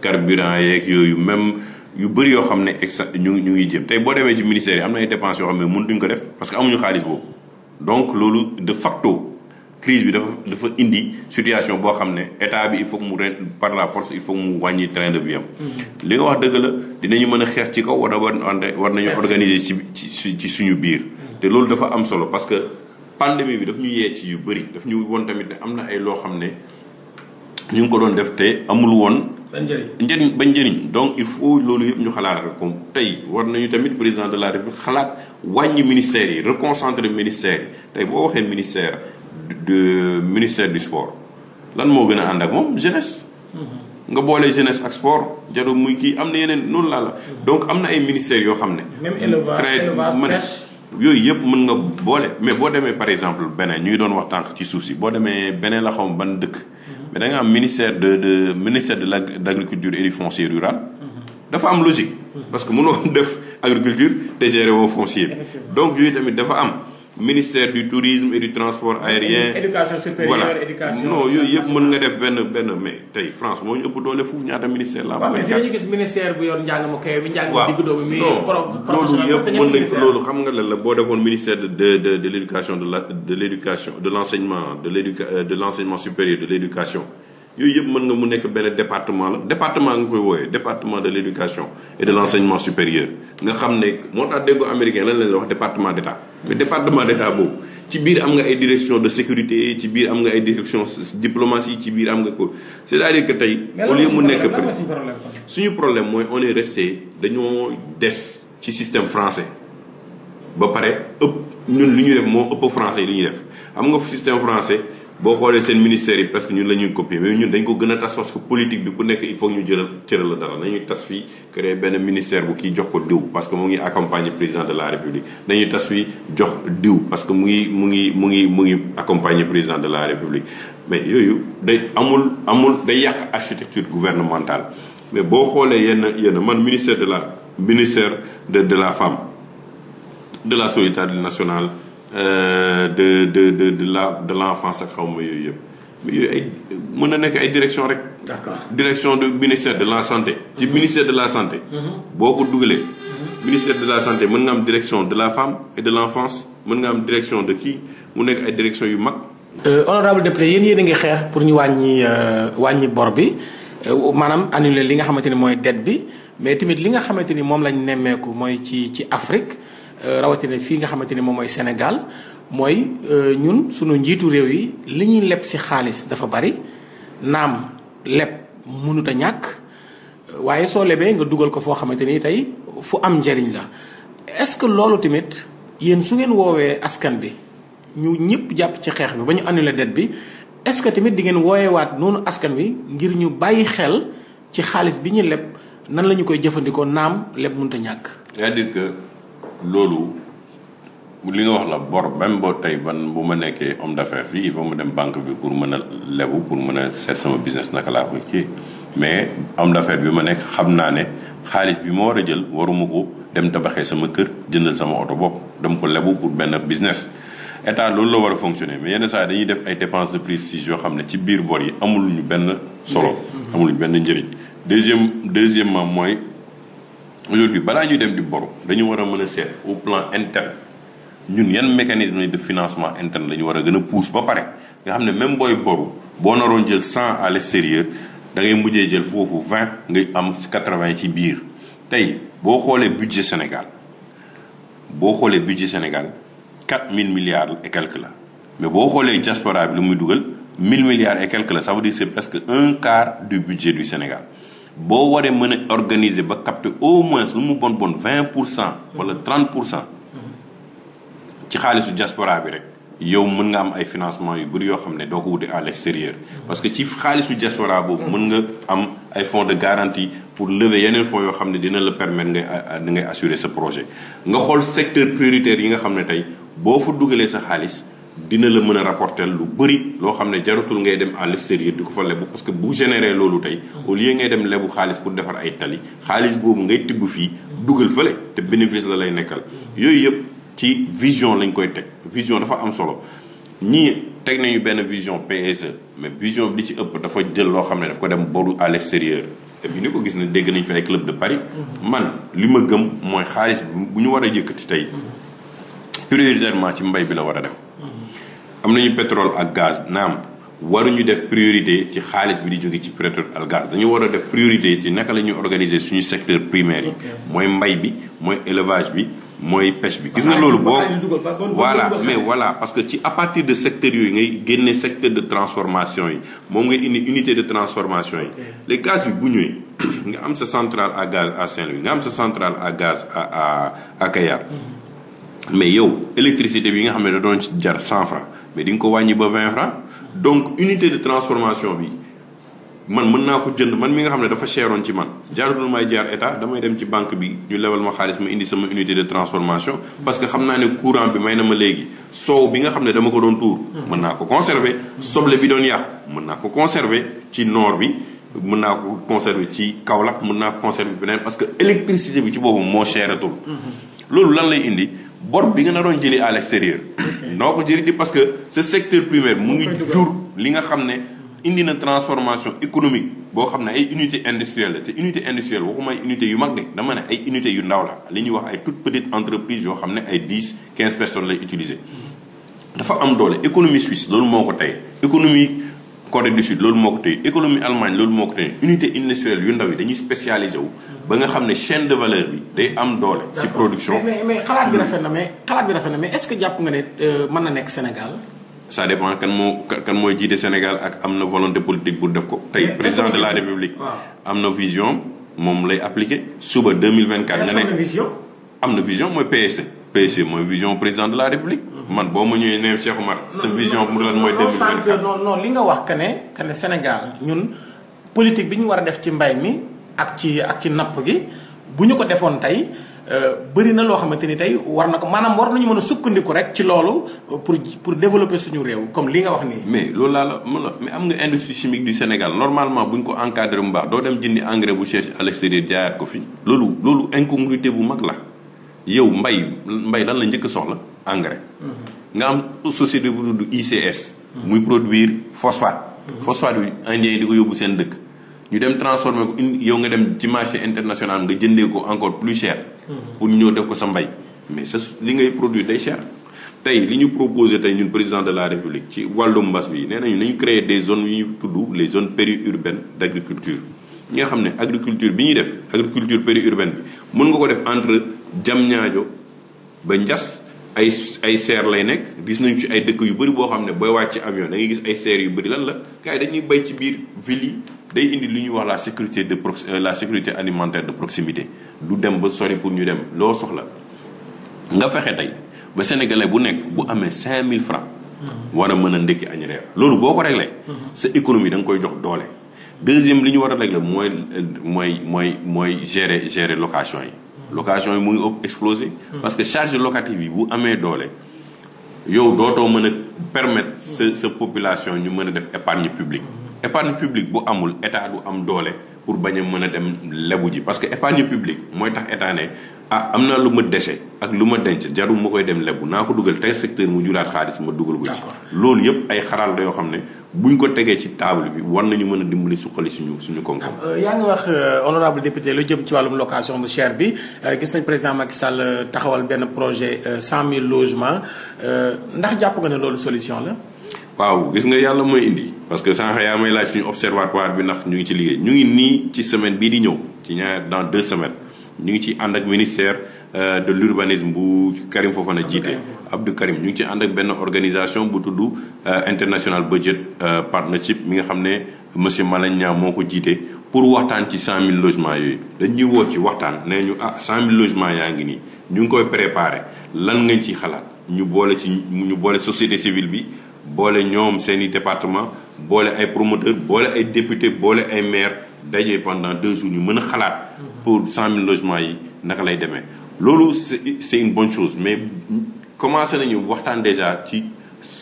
carburant yeeg yooyu même yu bëri yoo xam ne exa ñu ñu ngi jëm tey boo demee ci ministère yi am na ay dépenses yoo xam ne mëntuñ ko def parce que amuñu xaalis boobu donc loolu de facto crise bi dafa dafa indi situation boo xam ne état bi il faut mu ren par la force il faut mu wàññi train de vie am. Mm-hmm. li nga wax dëgg la dinañu mën a xeex ci kaw wala war nañu organiser ci ci ci suñu biir. Mm-hmm. te loolu dafa am solo parce que pandémie bi daf ñu yee ci yu bëri daf ñu woon tamit ne am na ay loo xam ne ñu ngi ko doon def te amul woon. ba njëriñ ba njëriñ donc il faut loolu yëpp ñu xalaat ko tey war nañu tamit président de la république xalaat wàññi ministères yi reconcentrer ministères tey boo waxee ministère. du ministère du sport lan moo gën a ànd ak moom jeunesse. nga boole jeunesse ak sport jarul muy kii am na yeneen noonu laa la. donc am na ay ministères yoo xam ne. même élevage élevage yooyu yëpp mën nga boole mais boo demee par exemple beneen ñu ngi doon wax tànk ci suuf si boo demee beneen la xaw ma ban dëkk. mais da am ministère de de ministère de l' agriculture et du foncier rural. dafa am logique. parce que mënoo def agriculture te gérer woo foncier bi. donc yooyu tamit dafa am. ministère du tourisme et du transport aérien. éducation yooyu yëpp mën nga def benn benn mais tey France moo ñu doole foofu ñaata ministère la. waaw mais fi ñu gis ministère bu yor njàng mu mën nañ loolu xam nga la la boo defoon ministère de de de l' éducation de la de l' de l' enseignement yooyu yëpp mën nga mu nekk benn département la département nga koy wooyee département de l' éducation et de l' supérieur nga xam ne moo tax déggo américain lan lañ la wax département d' état mais département d' état boobu ci biir am nga ay direction de sécurité ci biir am nga ay direction diplomatie ci biir am nga ko c' est à dire que tey au lieu mu nekk suñu problème mooy on est resté dañoo des ci système français ba pare ñun li ñu def moo ëpp li am nga système français boo xoolee seen ministère yi parce que ñun la ñuy copier mais ñun dañ ko gën a tas parce que politique bi ku nekk il faut ñu jëral cëral la dara nañuy tas fii créer benn ministère bu kii jox ko diw parce que mu ngi accompagner président de la république nañuy tas fii jox diw parce que mu ngi mu ngi mu ngi mu ngi accompagner président de la république mais yooyu day amul amul day yàq architecture gouvernementale mais boo xoolee yenn yenn man ministère de la ministère de de la femme de la solidarité nationale Euh, de de de de la de l' enfance ak xaw ma yooyu yëpp mais yooyu ay mën na nekk ay direction rek. d'accord direction du ministère de la santé. ci mhm. ministère de la santé. Mhm. boo ko dugalee. Mhm. ministère de la santé mën nga am direction de la femme et de l' enfance mën nga am direction de kii mu nekk ay direction yu mag. Euh, honorable député yéen yéen a ngi xeex pour ñu wàññi euh, wàññi bor bi maanaam annuler li nga xamante ni mooy dette bi mais tamit li nga xamante ni moom lañ nemmeeku mooy ci ci Afrique. Euh, rawatina fii nga xamante ni moom mooy senegal mooy euh, ñun sunu njiitu réew yi li ñuy leb ci xaalis dafa bari naam leb munut a ñàkk euh, waaye soo lebee nga dugal ko foo xamante ni tey fu am njariñ la est-ce que loolu tamit yéen su ngeen woowee askan bi ñu ñëpp jàpp ci xeex bi ba ñu annulé dette bi est-ce que tamit di ngeen wooyewaat noonu askan wi ngir ñu bàyyi xel ci xaalis bi ñuy leb nan lañu koy jëfandikoo naam leb mënut a ñàkk. loolu li nga wax la bor même boo tey ban bu ma nekkee homme d'affaires fii il faut ma dem banque bi pour mën a lebu pour mën a seet sama business naka laa koy kii mais homme d'affaires bi ma nekk xam naa ne xaalis bi ma war a jël waruma ko dem tabaxee sama kër jëndal sama oto bopp dam ko lebu pour benn business état loolu la war a fonctionner mais yenn saa dañuy def ay dépenses de prestige yoo xam ne ci biir bor yi amuluñu benn solo mm-hmm. amuluñu benn njëriñ deuxième deuxièmement mooy aujourd'hui balaa ñuy dem di boru dañu war a mën a seet au plan interne ñun yan mécanisme de financement interne dañu war a gën a pousse ba pare nga xam ne même booy boru boo naroon jël cent à l'extérieur da ngay mujjee jël foofu vingt ngay am si quatre-vingt ci biir tey boo xoolee budget Sénégal boo xoolee budget Sénégal quatre mille milliards et quelque la mais boo xoolee diaspora bi lu muy dugal mille milliards et quelque la ça veut dire c'est presque un quart du budget du Sénégal boo waree mën a organiser ba capter au moins lu mu bon bon vingt pour cent wala trente pour cent ci xaalisu diaspora bi rek yow mën nga am ay financement yu bëri yoo xam ne doo ko wute à l'extérieur parce que ci xaalisu diaspora boobu mën nga am ay fonds de garantie pour lever yeneen fonds yoo xam ne dina la permettre ngay ngay assurer sa projet nga xool secteur prioritaire yi nga xam ne tey boo fa dugalee sa xaalis dina la mën a rapporter lu bëri loo xam ne jarutul ngay dem à l'extérieur di ko fa lebu parce que bu généré loolu tey au lieu ngay dem lebu xaalis pour defar ay tali xaalis boobu ngay tibb fii dugal fële te bénéfice la lay nekkal yooyu yëpp ci vision lañ koy teg vision dafa am solo ñii teg nañu benn vision PSE mais vision bi li ci ëpp dafa jël loo xam ne daf ko dem boru à l'extérieur te bi ni ko gis ne dégg nañu fi ay club de Paris man li ma gëm mooy xaalis bu ñu war a yëkkati tey prioritairement ci mbay bi la war a dem am nañu pétrole ak gaz naam ñu def priorité ci xaalis bi di jóge ci pétrole ak gaz dañu war a def priorité ci naka la ñuy organiser suñu secteur primaire yi mooy mbay bi mooy élevage bi mooy pêche bi gis nga loolu boo voilà mais voilà parce que ci à partir de secteurs yooyu ngay génne secteur de transformation yi moom ngay indi unité de transformation yi les gaz yu bu ñëwee nga am sa centrale à gaz à Saint-Louis nga am sa centrale à gaz à à à Kayar mhm. mais yow électricité bi nga xam ne da doon ci jar cent mais di nga ko wàññi ba vingt francs donc unité de transformation bi man mën naa ko jënd man mi nga xam ne dafa cheroon ci man jaaratul may jaar état damay dem ci banque bi ñu lebal ma xaalis ma indi sama unité de transformation parce que xam naa ne courant bi may na ma léegi soow bi nga xam ne dama ko doon tuur mën naa ko conserver soble bi doon yàqu mën naa ko conserver ci noor bi mën naa ko conserver ci Kaolack mën naa ko conserver beneen parce que électricité bi ci boobu moo cheratul mhm. loolu lan lay indi bor bi nga na doon jëli à l'extérieur noo ko jëri di parce que ce secteur primaire mu ngi jur li nga xam ne indi na transformation économique boo xam ne ay unité industrielle la te unité industrielle waxuma ay unité yu mag de dama ne ay unité yu ndaw la li ñuy wax ay toute petite entreprise yoo xam ne ay dix quinze personnes lay utiliser dafa am doole économie suisse loolu moo ko tey économie Corée du Sud loolu moo ko téye économie Allemagne loolu moo ko téye unité industrielle yu ndaw yi dañuy spécialisé ba nga xam ne chaîne de valeur bi day am doole. ci production mais mais xalaat bi na mais na mais est-ce que jàpp nga ne euh, mën na nekk Sénégal. ça dépend kan moo kan mooy jiite Sénégal ak am na volonté politique pour def ko. tey président de la république. am na vision moom lay appliqué. suba 2024 nga ne am na vision mooy PSE. PSE mooy vision président de la république. man boo ma ñëwee ne Cheikh Oumar. sa vision mu lan mooy. démb non non li nga wax que ne que ñun politique bi ñu war a def ci mbay mi ak ci ak ci napp gi bu ñu ko defoon tey. Euh, bëri na loo xamante ni tey war na ko maanaam war nañu mën sukkandiku rek ci loolu pour pour développer suñu réew comme li nga wax nii. mais loolu laa la mën la mais am nga industrie Sénégal normalement bu ko encadré bu baax doo dem jëndi engrais bu cher à l'extérieur ko fi loolu loolu incongruité bu mag la. yow mbay mbay lan la njëkk soxla engrais. Mm-hmm. nga am société bu tudd ICS. Mm-hmm. muy produire phosphate. Mm-hmm. phosphate bi indien yi di ko yóbbu seen dëkk. ñu dem transformer ko yow nga dem ci marché international nga jëndee ko encore plus cher. pour ñëw def ko sa mbay. mais sa ni ngay produire day cher. tey li ñu proposé tey ñun président de la république ci wàllu mbas bi nee nañu ñu créer des zones yu ñu tudd les zones périurbaines d' agriculture. ñi nga xam ne agriculture bi ñuy def agriculture périurbaine bi mën nga ko def entre. jam ñaajo ba njas ay ay seer lay nekk gis nañ ci ay dëkk yu bëri boo xam ne booy wàcc avion da ngay gis ay seer yu bëri lan la gars dañuy bay ci biir ville yi day indi li ñuy wax la sécurité de prox euh, la sécurité alimentaire de proximité du dem ba sori pour ñu dem loo soxla nga fexe tey ba sénégalais bu nekk bu amee cinq 5000 francs mm-hmm. war a mën a ndékki añ reer loolu boo ko réglé mm-hmm. sa économie da nga koy jox doole deuxième li ñu war a réglé mooy euh, mooy mooy mooy gérer gérer location yi location yi mu ngi ëpp explosé parce que charge locative yi bu amee doole yow dootoo mën a permettre sa sa population ñu mën a def épargne publique épargne publique bu amul état du am doole pour bañ a mën a dem lebu ji parce que épargne publique mooy tax état ah am naa lu ma dese ak lu ma denc jarul ma koy dem lebu naa ko dugal tey secteur mu julaat xaalis ma dugal ko ci loolu yëpp ay xaraal la yoo xam ne buñ ko tegee ci table bi war nañu mën a dimbali suqali suñu suñu koom-koom. Ah, euh, yaa ngi wax euh, honorable député lu jëm ci wàllum location bu cher bi euh, gis nañ président Macky Sall taxawal benn projet cent 100000 logements ndax jàpp nga ne loolu solution la. waaw gis nga yàlla mooy indi parce que sànq yaa may laaj suñu observatoire bi ndax ñu ngi ci liggéey ñu ngi nii ci semaine bii di ñëw ci ñaar dans deux semaines ñu ngi ci ànd ak ministère euh, de l'urbanisme bu Karim Fofana jiite Abdou Karim ñu ngi ci ànd ak benn organisation bu tuddu euh, international budget euh, partnership mi nga xam ne monsieur Malagne Niang moo ko jiite pour waxtaan ci cent mille logements yooyu dañuy woo ci waxtaan nee ñu ah cent mille logements yaa ngi nii ñu ngi koy préparer lan nga ci xalaat ñu boole ci ñu boole société civile bi boole ñoom seen i département boole ay promoteur boole ay député boole ay maire dajee pendant deux jours ñu mën a xalaat pour cent mille yi naka lay demee loolu c'est une bonne mais commencé nañu waxtaan déjà ci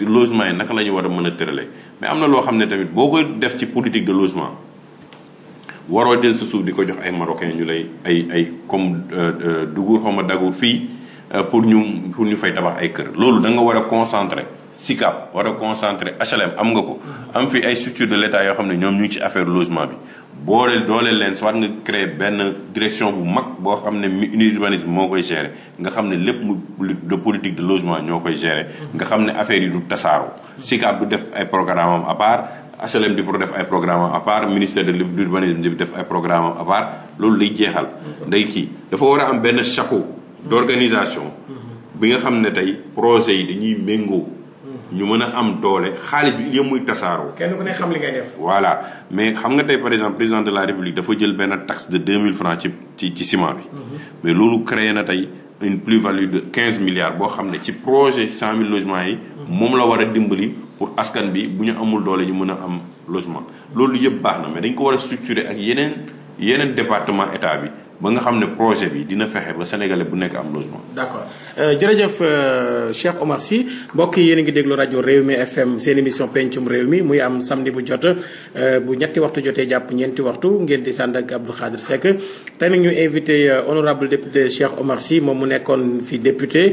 logement yi naka la ñu war a mën a tëralee mais am na loo xam ne tamit boo ko def ci politique de logement waroo del sa suuf di ko jox ay marocain ñu lay ay ay comme euh, euh, dugur xaw ma dagur fii euh, pour ñu pour ñu fay tabax ay kër loolu da nga war a concentrer SICAP war a concentré HLM am nga ko. am fi ay structure de l' yoo xam ne ñoom ñu ci affaire logement bi. boole dooleel leen soit nga créer benn direction bu mag boo xam ne mi urbanisme moo koy gérer nga xam ne lépp mu de politique de logement koy gérer. nga xam ne affaire yi du tasaaroo. SICAP du def ay programme am à part. pour def ay programme am à part ministère de l'urbanisme di def ay programme am loolu lay jeexal. day kii dafa war a am benn chapeau. d' organisation. bi nga xam ne tey projet yi dañuy méngoo. ñu mën a am doole xaalis bi yëpp muy tasaaroo. kenn ne xam li voilà mais xam nga tey par exemple président de la république dafa jël benn tax de 2000 francs ci ci ci ciment bi. Mhm. mais loolu créé na tey une plus-value de quinze milliards boo xam ne ci projet 100000 logements yi. moom la war a dimbali pour askan bi bu ñu amul doole ñu mën a am logement. loolu yëpp baax na mais dañ ko war a structurer ak yeneen yeneen département état bi. ba nga xam ne projet bi dina fexe ba sénégalais bu nekk am logement. d'accord euh, jërëjëf euh, Cheikh Omar Sy mbokk yi yéen a ngi déglu rajo réew mi FM seen émission pencum réew mi muy am samedi bu jot euh, bu ñetti waxtu jotee jàpp ñeenti waxtu ngeen di sànd ak Abdou Khadre Seck tey nag ñu invité honorable député Cheikh Omar Sy moom mu nekkoon fi député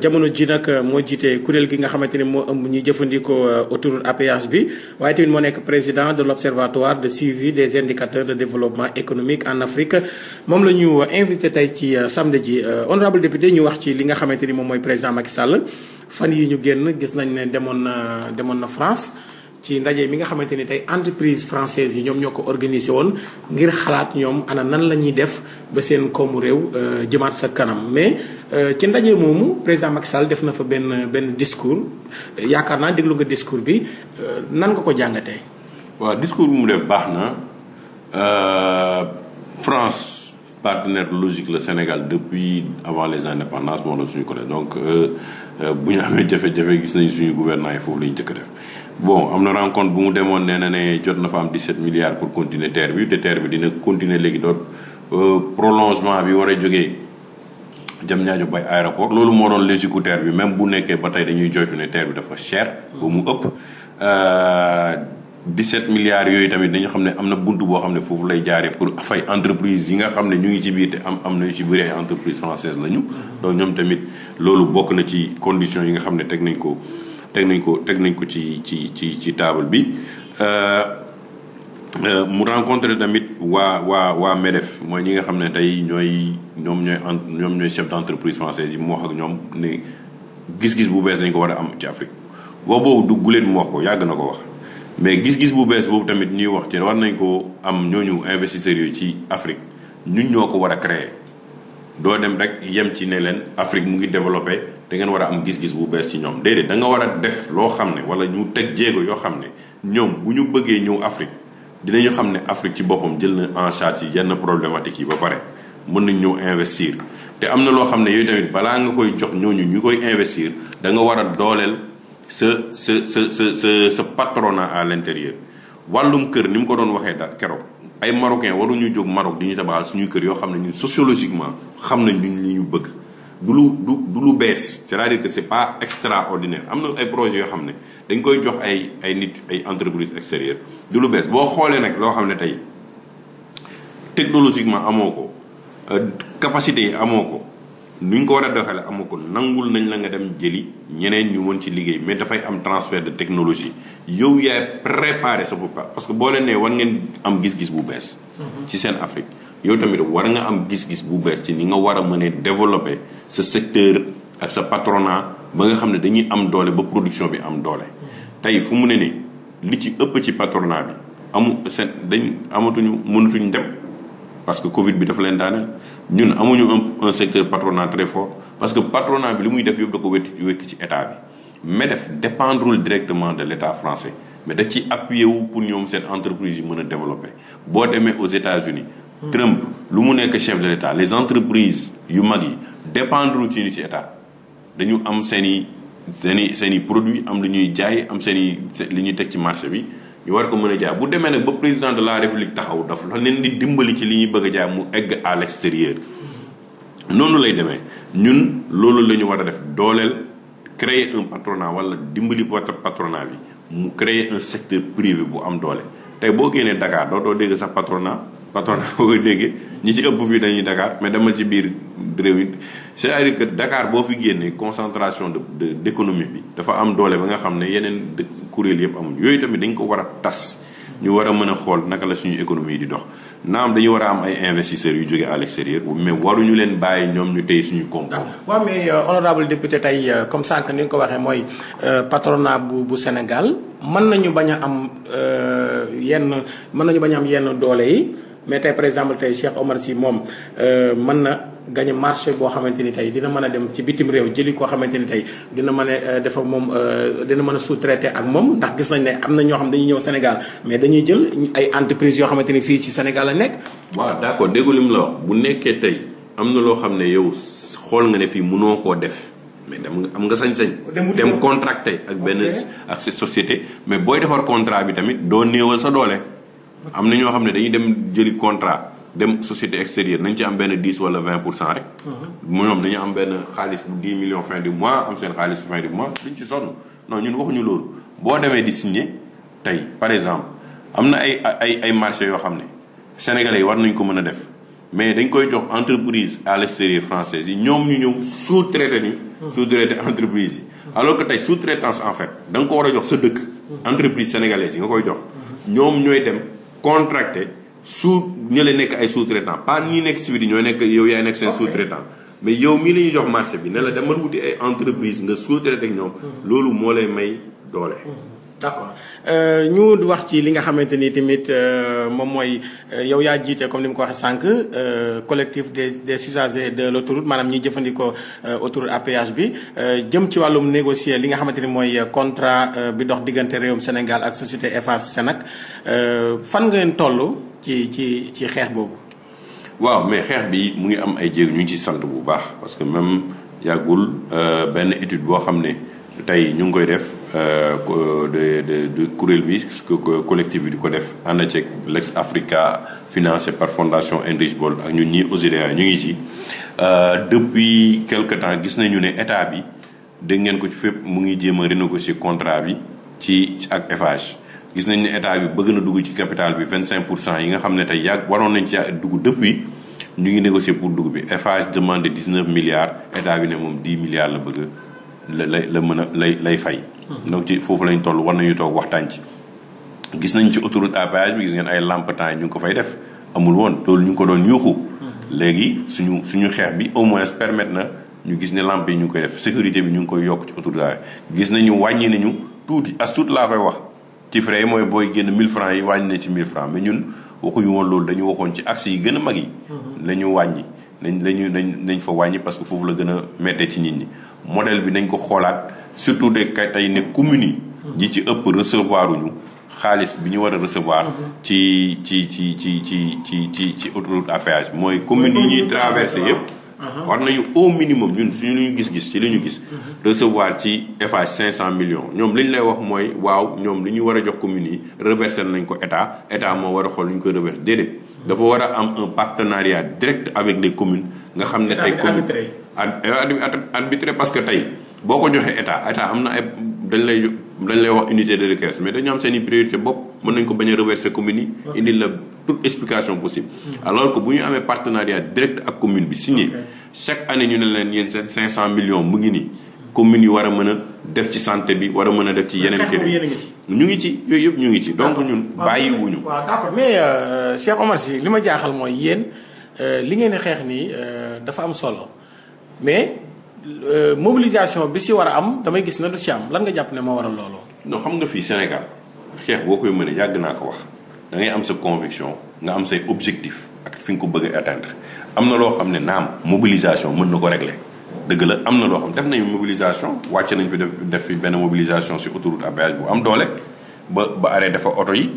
jamono ji nag moo jiite kuréel gi nga xamante ne moo ëmb ñuy jëfandikoo autoroute à bi waaye tamit moo nekk président de l'observatoire de suivi des indicateurs de développement économique en Afrique. moom la euh, invité tey ci euh, samedi ji euh, honorable député ñu wax ci li nga xamante ni moom mooy président Macky fan yi ñu génn gis nañ ne demoon na demoon na France ci ndaje mi nga xamante ni tey entreprise française yi ñoom ñoo ko organisé woon ngir xalaat ñoom ana nan la ñuy def ba seen koomu réew jëmaat sa kanam mais ci ndaje moomu président Macky Sall def na fa benn benn discours yaakaar naa déglu nga discours bi nan nga ko jàngatee. waaw discours bi mu def baax na partenaire logique le Sénégal depuis avant les indépendances moo doon suñu côté donc euh, euh, bu ñu amee jafe-jafe gis nañu suñu gouvernement yi foofu la ñu njëkk def bon am na rencontre bu mu demoon nee na ne jot na fa am 17 milliards pour continuer terre bi te terre bi dina continuer léegi doot euh, prolongement bi war a jógee jam ñaajo bay aéroport loolu moo doon lésiku terre bi même bu nekkee ba tey dañuy joytu ne terre bi dafa cher ba mu ëpp 17 milliards yooyu tamit dañu xam ne am na bunt boo xam ne foofu lay jaaree pour fay entreprise yi nga xam ne ñu ngi ci biir te am am na ñu ci biir ay entreprise française la ñu ñoom tamit loolu bokk na ci conditions yi nga xam ne teg nañ ko teg nañ ko teg nañ ko ci ci ci ci table bi euh, euh, mu rencontré tamit waa waa waa MEDEF mooy ñi nga xam ne tey ñooy ñoom ñooy ñoom ñooy chef d' yi mu wax ak gis-gis bu bees dañ ko war a am ci Afrique boo boobu du guleen mu wax ko yàgg na ko wax mais gis-gis bu bees boobu tamit ñuy wax ci war nañ ko am ñooñu investisseurs yooyu ci Afrique ñun ñoo ko war a créer doo dem rek yem ci ne leen Afrique mu ngi développé dangeen war a am gis-gis bu bees ci ñoom déedéet da nga war a def loo xam ne wala ñu teg jéego yoo xam ne ñoom bu ñu bëggee ñëw Afrique dinañu xam ne Afrique ci boppam jël na en charge yi yenn problématique yi ba pare mën nañ ñëw investir te am na loo xam ne yooyu tamit balaa nga koy jox ñooñu ñu koy investir da nga war a dooleel. sa sa sa sa sa sa patronat à l'intérieur wàllum kër ni mu ko doon waxee daal keroog ay marocain waruñu jóg Maroc di ñu tabaxal suñu kër yoo xam ne ñun sociologiquement xam nañ li ñu bëgg du lu du lu bees c'est-à-dire que c'est pas extraordinaire am na ay projets yoo xam ne dañ koy jox ay ay nit ay entreprises extérieures du lu bees boo xoolee nag loo xam ne tey technologiquement amoo ko euh, capacité yi amoo ko ñu ko war a doxale amagul nangul nañ la nga dem jëli ñeneen ñu woon ci liggéey mais dafay am transfert de technologie yow yaay préparé sa bopp parce que boo leen nee war ngeen am gis-gis bu bees. Mhm. ci seen Afrique yow tamit war nga am gis-gis bu bees ci ni nga war a mën a développer sa secteur ak sa patronat ba nga xam ne dañuy am doole ba production bi am doole. Mhm. tey fu mu ne nii li ci ëpp ci patronat bi amu seen dañ amatuñu mënatuñ dem parce que Covid bi dafa leen daaneel. ñun amuñu un un secteur patronat très fort parce que patronat bi lu muy def yëpp da ko wetti wekk ci état bi mais def dépendrul directement de l' état français mais da ci appuyé wu pour ñoom seen entreprise yi mën a développé boo demee aux États-Unis Trump lu mu nekk chef de l' état les entreprises yu mag yi dépendre ci ni ci état dañu am seen i seen i seen i produits am lu ñuy jaay am seen i li ñuy teg ci marché bi ñu war ko mën a jaay bu demee nag ba président de la république taxaw dafa la leen di dimbali ci li ñuy bëgga a jaay mu egg à l'extérieur noonu lay demee ñun loolu lañu war a def dooleel créer un patronat wala dimbali patrona bi mu créer un secteur privé bu am doole tey boo génnee doo dootoo dégg sax patrona patron boo ko déggee ñi ci ëpp fii dañuy Dakar mais demal ci biir réew yi c'est-à-dire que Dakar boo fi génnee concentration de de d'économie bi dafa am doole ba nga xam ne yeneen kuréel yëpp amuñu yooyu tamit dañ ko war a tas. ñu war a mën a xool naka la suñu économie di dox naam dañu war am ay investisseurs yu jóge à l'extérieur mais waruñu leen bàyyi ñoom ñu tey suñu koom-koom. waaw mais euh, honorable tey euh, comme sànq ni nga ko waxee mooy euh, patronat bu bu Sénégal mën nañu bañ a am yenn mën nañu bañ am yenn doole yi. mais tey par exemple tey Cheikh Omar Sy moom euh, mën na gañe marché boo xamante ni tey dina mën a dem ci bitim réew jëli koo xamante ni tey dina mën a euh, dafa moom euh, dina mën a sous-traité ak moom ndax gis nañ ne am na ñoo xam dañuy ñëw Sénégal mais dañuy jël ay entreprise yoo xamante ni fii ci Sénégal la nekk. waaw d'accord déggu lim bu nekkee tey am na loo xam ne yow xool nga ne fii mënoo koo def mais dem nga am nga sañ-sañ. dem contracté ak benn ak sa société mais booy defar contrat bi tamit doo néewal sa doole. am na ñoo xam ne dañuy dem jëli contrat dem société extérieure nañ ci am benn dix wala vingt pour cent rek. Mhm. ñoom dañu am benn xaalis bu dix millions fin du mois am seen xaalis fin du mois duñ ci sonn non ñun waxuñu loolu boo demee di signer tey par exemple am na ay ay ay marché yoo xam ne sénégalais yi war nañ ko mën a def mais dañ koy jox entreprise à l'extérieur française yi ñoom ñu ñëw sous-traité ni mhm. sous-traité entreprise yi. alors que tey sous en fait da ko war a jox sa dëkk. Mhm. entreprise sénégalaise yi nga koy jox. ñoom ñooy dem. contracté sous ñu la nekk ay sous-traitant pas ñi nekk ci biir ñooy nekk yow yaay nekk seen sous-traitant mais yow mii la ñuy jox marché bi ne la demal wuti ay entreprise nga sous-traité ak ñoom mm. loolu moo lay may doole mm. d' accord euh, ñu wax ci li nga xamante ni tamit euh, moom mooy euh, yow yaa jiite comme ni mu ko waxee sànq collectif des des usagers de l' autoroute maanaam ñi jëfandikoo autoroute à péage bi jëm ci wàllum négocier li nga xamante ni mooy contrat bi dox diggante réewum Sénégal ak société Eiffage Sénac fan ngeen toll ci ci ci xeex boobu. waaw mais xeex bi mu ngi am ay jéeg ñu ci sant bu baax parce que même yàggul benn étude boo xam ne tey ñu ngi koy def. Euh, euh, de de kuréel bi collectif bi di ko def ànd ceeg Lex Africa financé par fondation Heinrich Böll ak ñun ñii OSIDEA ñu ngi ci. Euh, depuis quelque temps gis nañu ne état bi dégg ngeen ko ci fépp mu ngi jéem a renégocier contrat bi ci ak Eiffage gis nañ ne état bi bëgg na dugg ci capital bi 25 pour cent yi nga xam ne tey yàgg waroon nañ ci dugg depuis. ñu ngi négocier pour dugub bi Eiffage demande dix neuf milliards état bi ne moom dix milliards la bëgg la la la mën a lay lay fay. donc ci foofu lañ toll war nañu toog waxtaan ci. gis nañ ci autoroute à péage bi gis ngeen ay lampe temps ñu ngi ko fay def amul woon loolu ñu ngi ko doon yuuxu. léegi suñu suñu xeex bi au moins permettre na ñu gis ne lampe yi ñu ngi koy def sécurité bi ñu ngi koy yokk ci autoroute à gis nañu wàññi nañu tuuti as laa koy wax ci frais yi mooy booy génn mille francs yi wàññi na ci 1000 francs mais ñun waxuñu woon loolu dañu waxoon ci accès yi gën a mag yi. la mm-hmm. ñu wàññi. nañ lañu nañ nañ fa wàññi parce que foofu la gën a méttee ci nit ñi modèle bi nañ ko xoolaat surtout de kay tey ne communes yi ñi ci ëpp recevoir uñu xaalis bi ñu war a recevoir mm-hmm. ci ci ci ci ci ci ci ci autoroute à péage mooy commune yi ñuy traversé yëpp Uh-huh. war nañu au minimum ñun suñu lu ñu gis-gis ci li ñu gis uh-huh. recevoir ci fa cinq cent million ñoom li ñu lay wax mooy waaw ñoom lu ñu war a jox communes yi reversé nañ ko état état moo war a xool lu ñu koy reversé déedéet uh-huh. dafa war a am un partenariat direct avec les commune nga xam ne tey commune arbitré parce que tey boo ko joxee état état am na ay dañ lay dañ lay wax unité de requête mais dañu am seen i priorité bopp mën nañ ko bañ a reverser commune yi. indil la toute explication possible. Mm. alors que bu ñu amee partenariat direct ak commune bi signé. chaque année ñu ne leen yéen seen 500 millions mu ngi nii. commune yi war a mën a def ci santé bi war a mën a def ci yeneen. kër yi ñu ngi ci yooyu yëpp ñu ngi ci donc ñun bàyyiwuñu. waaw d'accord mais euh, Cheikh Omar Sy li ma jaaxal mooy yéen euh, li ngeen di xeex nii euh, dafa am solo Euh, mobilisation bi si war a am damay gis na du si am lan nga jàpp ne war waral loolu. non xam nga fii Sénégal xeex boo koy mën a yàgg naa ko wax dangay am sa conviction nga am say objectif ak fi nga ko bëgg a am na loo xam ne naam mobilisation mën na ko régler dëgg la am na loo xam def nañu mobilisation wàcc nañ bi def def fi benn mobilisation si autoroute à péage bu am doole ba ba arrêté dafa oto yi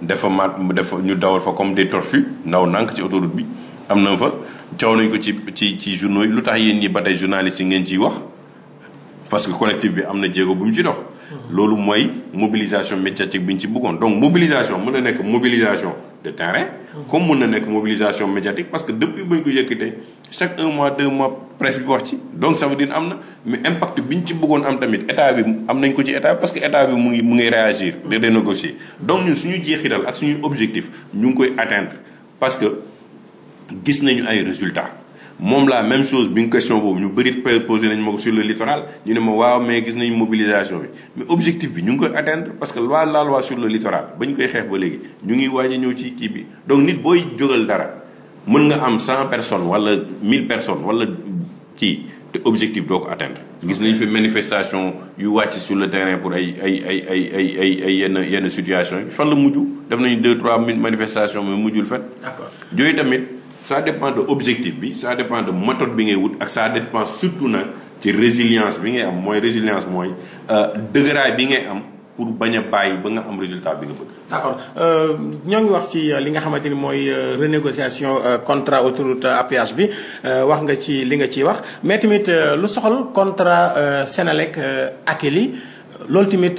dafa mat dafa ñu dawal fa comme des tortues ndaw nànk ci autoroute bi. am na fa coow nañ ko ci ci ci journaux yi lu tax yéen ñi ba tey journalistes yi ngeen ciy wax parce que collectif bi am na jéego bu mu ci dox. loolu mooy mobilisation médiatique bi ñu ci bëggoon donc mobilisation mën nekk mobilisation de terrain. comme mën na nekk mobilisation médiatique parce que depuis ba ñu ko yëkkatee chaque un mois deux mois presse bi wax ci. donc ça veut dire am na mais impact bi ñu ci bëggoon am tamit état bi am nañ ko ci état parce que état bi mu ngi mu ngi réagir. di renégocier donc ñun suñu jeexital ak suñu objectif ñu ngi koy atteindre parce que. gis nañu ay résultat moom la même chose bi nga question boobu ñu bëri posé nañ ma ko sur le littoral ñu ne ma waaw mais gis nañu mobilisation bi mais objectif bi ñu ngi koy atteindre parce que loi la loi sur le littoral ba ñu koy xeex ba léegi ñu ngi waaj a ñëw ci kii bi donc nit booy jógal dara mën nga am cent personnes wala mille personnes wala kii te objectif doo ko atteindre. gis nañu fi manifestation yu wàcc sur le terrain pour ay ay ay ay ay yenn yenn situation yi fan la mujj def nañu deux trois mille manifestations mais mujjul fen. d'accord yooyu ça dépend de objectif bi ça dépend de méthode bi ngay wut ak ça dépend surtout nag ci résilience bi ngay am mooy résilience mooy euh, dëgëraay bi ngay am pour bañ a bàyyi ba nga am résultat bi nga bëgg. d'accord euh, ñoo ngi wax ci euh, li nga xamante ni mooy renégociation contra autoroute à péage bi wax nga ci li nga ciy wax mais tamit lu soxal contrat Senelec Akilee loolu tamit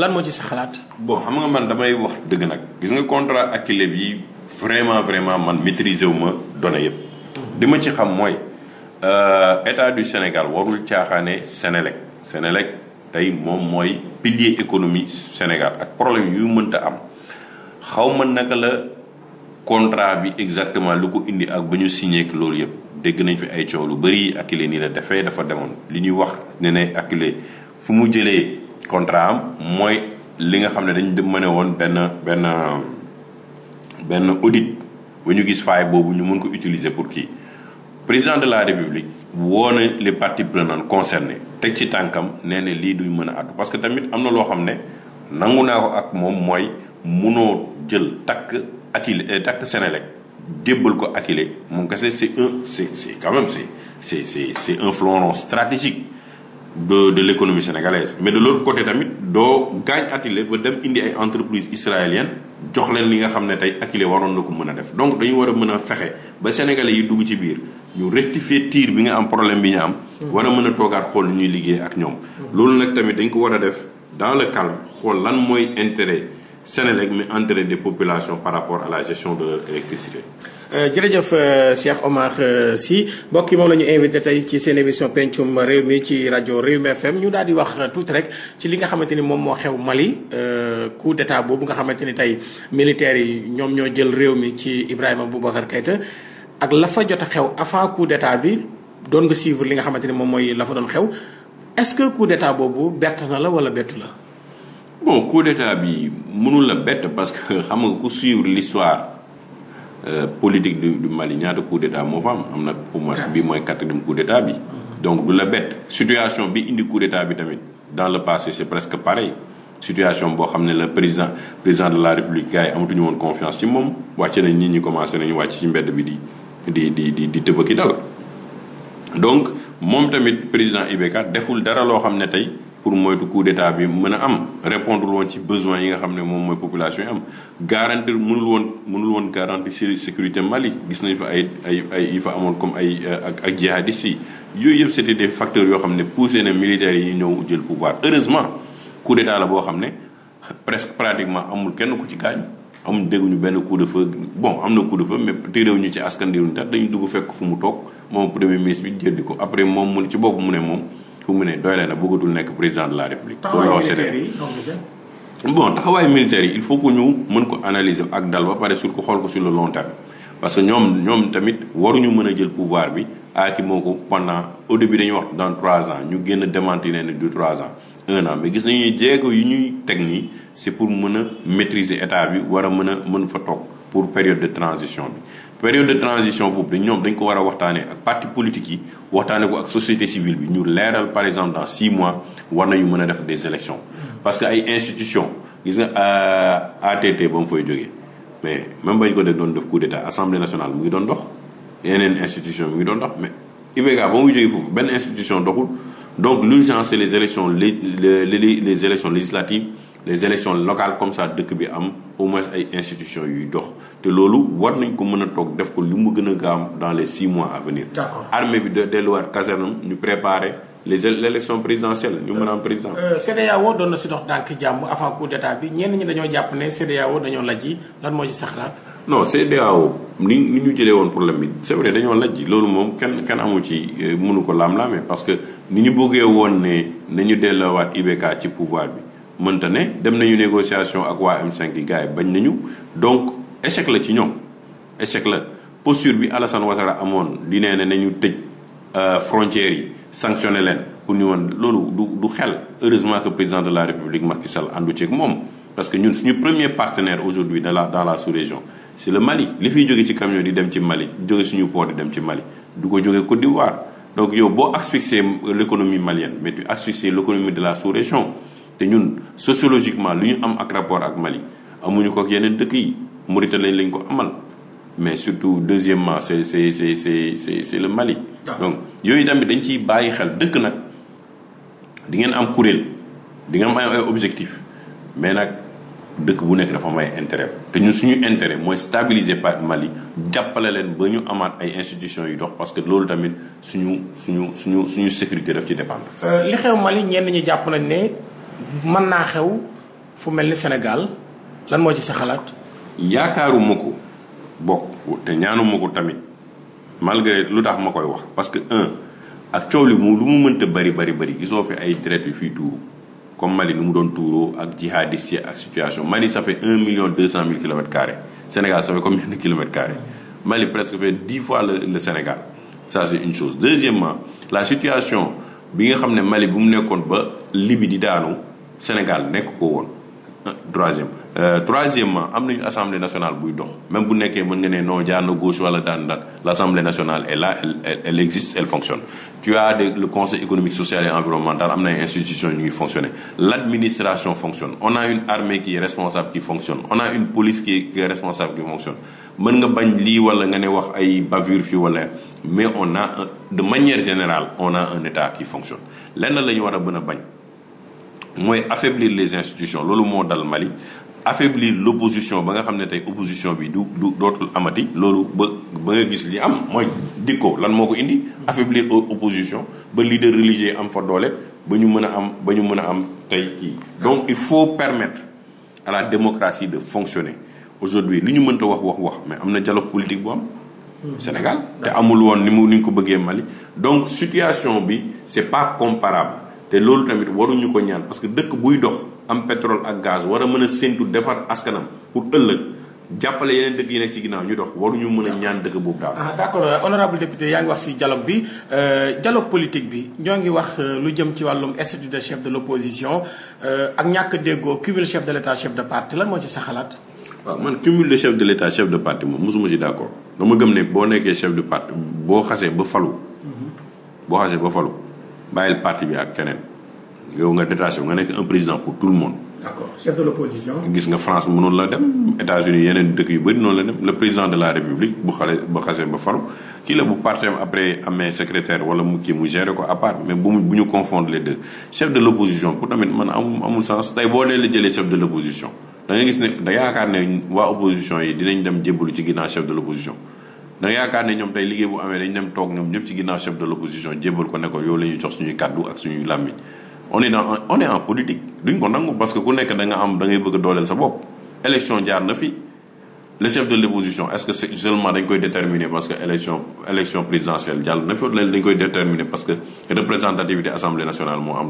lan moo ci sa xalaat. bo xam nga man damay wax dëgg nag gis nga contrat Akilee bi. vraiment vraiment man maîtriser wu ma données yëpp. li ma ci xam mooy euh, état du Sénégal warul caaxaane Sénélec Sénélec tey moom mooy pilier économie Sénégal ak problème yu mënta am xaw ma naka la contrat bi exactement lu ko indi ak ba ñu signé loolu yëpp dégg nañ fi ay coow lu bëri Akilee nii la defee dafa demoon li ñuy wax ne ne Akilee fu mu jëlee contrat am mooy li nga xam ne dañu dem ma ne woon benn benn. benn audit bu ñu gis faay boobu ñu mën ko utiliser pour kii président de la république woone na parti parties prenantes concernées teg ci tànkam nee na lii duñ mën a àddu parce que tamit am na loo xam ne nangu naa ko ak moom mooy munoo jël takk Akilee eh, takk Senelec débbal ko Akilee moom kese c'est un c'est c'est quand même c'est c'est c'est c'est un fleuron stratégique de de l'économie sénégalaise mais de l'autre côté tamit doo gaañ Akilee ba dem indi ay entreprises israéliennes jox leen li nga xam ne tey Akilee waroon na ko mën a def donc dañu war a mën a fexe ba sénégalais yi dugg ci biir ñu rectifier tir bi nga am problème bi ñu am. war a mën a toogaat xool nu ñuy liggéey ak ñoom. loolu nag tamit dañ ko war a def dans le calme xool lan mooy intérêt Sénélec mais intérêt des populations par rapport à la gestion de leur électricité. Euh, jërëjëf euh, Cheikh Omar euh, si mbokk yi moom la invité tey ci seen émission pencum réew mi ci rajo réew mi FM ñu daal di wax tuuti rek ci li nga xamante ni moom moo xew Mali coup d'état boobu nga xamante ni tey militaires yi ñoom ñoo jël réew mi ci Ibrahima Boubacar Keïta ak la jot xew avant bi doon nga suivre li nga xamante ni moom mooy la fa doon xew est-ce que coup boobu bett na la wala bett la. bon coup d'état bi mënul la bett parce que xam nga ku suivre l'histoire Euh, politique du du Mali ñaata coup d' état moo fa am am na au bi mooy quatrième coup d' bi. donc du la bett situation bi indi coup d' bi tamit dans le passé c' est presque pareil situation boo xam ne le président président de la république gars yi amatuñu woon confiance ci moom wàcce nañ nit ñi commencé nañu wàcc ci mbedd bi di di di di di tëbëki dal donc moom tamit président IBK deful dara loo xam ne tey. pour moytu coup d'état bi mën a am répondre woon ci besoin yi nga xam ne moom mooy population yi am garantir mënul woon mënul woon garantir sécurité Mali gis nañ fa ay ay ay yi fa amoon comme ay euh, ak ak jihadistes yi yooyu yëpp c'était des facteur yoo xam ne poussé na militaires yi ñu ñëw jël pouvoir heureusement coup d'état la boo xam ne presque pratiquement amul kenn ku ci gaañu amul dégguñu benn coup de feu bon am na coup de feu mais téerewuñu ci askan diruñu tat dañu dugg fekk fu mu toog moom premier ministre bi ko après moom mu ci bopp mu ne moom fu mu ne doy na bëggatul nekk président de la république. taxawaayu militaire yi bon taxawaayu militaire yi il faut que ñu mën ko analyser ak dal ba pare sur ko xool ko sur le long terme parce que ñoom ñoom tamit waruñu mën a jël pouvoir bi aaki moo ko pendant au début dañuy wax dans trois ans ñu génn démentir leen du trois ans un an mais gis nañu jéego yu ñuy teg nii c'est pour mën a maitriser état bi war a mën a mën fa toog pour période de transition bi. période de transition boobu dañ ñoom dañ ko war a waxtaanee ak parti politique yi waxtaanee ko ak société civile bi ñu leeral par exemple dans six mois war nañu mën a def des élections parce que ay institution gis nga euh, ATT ba mu fay jógee mais même bañ ko def doon def coup d'état assemblée nationale mu ngi doon dox yeneen institution mu ngi doon dox mais IBK ba muy jógee foofu benn institution doxul donc l'urgence c'est les élections les les élections législatives les élections locales comme ça dëkk bi am au moins ay institutions yuy dox te loolu war nañ ko mën a toog def ko li mu gën a gaam dans les six mois à venir. d'accord armée bi de delluwaat caserne ñu préparer les élections présidentielles ñu mën a am euh, président. Euh, CEDEAO doon na si dox daal ki jàmm avant coup d'état bi ñenn ñi dañoo jàpp ne CEDEAO dañoo lajji lan moo ci sax non CEDEAO ni ni ñu jëlee woon problème bi c'est vrai dañoo lajj loolu moom kenn kenn ci euh, mënu ko laam-laamee parce que ni ñu bëggee woon ne nañu delluwaat IBK ci pouvoir bi. mënta ne dem nañu négociation ak waa M5 yi gars yi bañ nañu donc échec la ci ñoom échec la posture bi Alassane Ouattara amoon di nee ne nañu tëj euh, frontières yi sanctionné leen pour ñu woon loolu du du xel heureusement que président de la République Macky Sall àndu ceeg moom parce que ñun suñu premier partenaire aujourd'hui dans la dans la sous-région c'est le Mali li fi jóge ci camion di dem ci Mali jóge suñu port di dem ci Mali du ko jóge Côte d'Ivoire donc yow boo asphyxier l'économie malienne mais tu asphyxies l'économie de la sous te ñun sociologiquement lu ñu am ak rapport ak Mali amuñu ko ak yeneen dëkk yi Mauritanie lañ ko amal mais surtout deuxièmement c'est c'est c'est c'est c'est le Mali. Ah. donc yooyu tamit dañ ciy bàyyi xel dëkk nag di ngeen am kuréel di nga am ay objectif mais nag dëkk bu nekk dafa may intérêt te ñun suñu intérêt mooy stabiliser par Mali jàppale leen ba ñu amaat ay institutions yu dox parce que loolu tamit suñu suñu suñu suñu sécurité daf ci dépendre. Euh, li xew Mali ñenn ñi jàpp nañ ne. mën naa xew fu mel ni Sénégal lan moo ci sa xalaat. yaakaaruma ko bokk te ñaanuma ko tamit malgré lu tax ma koy wax parce que un ak coow li mu lu mu mënta bari bari bari gisoo fi ay traite yu fiy tuuru comme Mali nu mu doon tuuroo ak jihadiste yi ak situation Mali ça fait un million deux cent mille kilomètres carrés Sénégal ça fait combien de kilomètres carrés Mali presque fait dix fois le Sénégal ça c'est une chose deuxièmement la situation. bi nga xam ne Mali bu mu nekkoon ba Libi di daanu Sénégal nekk ko woon troisième euh, troisièmement am nañu assemblée nationale buy dox même bu nekkee mën nga ne non jaar na wala daan daan l' assemblée nationale et là elle elle existe elle fonctionne. tu as de, le conseil économique social et environnemental am na ay institutions yu ñuy fonctionner l' administration fonctionne on a une armée qui est responsable qui fonctionne on a une police qui est responsable qui fonctionne mën nga bañ lii wala nga ne wax ay bavure fii wala mais on a de manière générale on a un état qui fonctionne lenn la ñu war a mën a bañ. mooy affaiblir les institutions loolu moo dal Mali affaiblir l'opposition ba nga xam ne tey opposition bi du du dootul amati loolu ba ba nga gis li am mooy dikko lan moo ko indi affaiblir opposition ba leader religieux am fa doole ba ñu mën a am ba ñu mën a am tey kii donc il faut permettre à la démocratie de fonctionner aujourd'hui li ñu mënta wax wax wax mais am na dialogue politique bu am hmm. Sénégal te amul woon ni mu ni ko bëggee Mali donc situation bi c'est pas comparable te loolu tamit waruñu ko ñaan parce que dëkk buy dox am pétrole ak gaz war a mën a séntu defar askanam pour ëllëg jàppale yeneen dëkk yi nekk ci ginnaaw ñu dox waruñu mën a ñaan dëkk boobu daal. ah d'accord honorable député yaa ngi wax ci dialogue bi euh, dialogue politique bi ñoo ngi wax euh, lu jëm ci wàllum statut de chef de l'opposition euh, ak ñàkk déggoo cumul chef de l'état chef de parti la moo ci sa xalaat. waaw man cumul de chef de l'état chef de parti moom mosuma ci d'accord dama ne boo nekkee chef de parti boo xasee ba falu. Mhm. boo xasee ba bàyyil parti bi ak keneen yow nga détaché nga nekk un président pour tout le monde. d'accord chef de gis nga France mu noonu la dem États-Unis yeneen dëkk yu bëri noonu la dem le président de la République bu xale ba xasee ba faru kii la bu parti après amee secrétaire wala mu kii mu géré ko à part mais bu mu bu ñu confonder les deux chef de l'opposition pour tamit man amul amul sens tey boo dee la jëlee chef de l'opposition da nga gis ne yaakaar ne waa opposition yi dinañ dem jébbalu ci ginnaaw chef de l'opposition. da yaakaar ne ñoom tey liggéey bu amee dañ dem toog ñoom ñëpp ci ginnaaw chef de l'opposition jébbal ko ne ko yow la ñuy jox suñuy kàddu ak suñuy làmmiñ on est on est en politique duñ ko nangu parce que ku nekk da bëgg dooleel sa bopp élection jaar na fi le chef de l'opposition est-ce que seulement dañ koy déterminer parce que élection présidentielle jàll na fi leen dañ koy déterminer parce que représentativité assemblée nationale moo a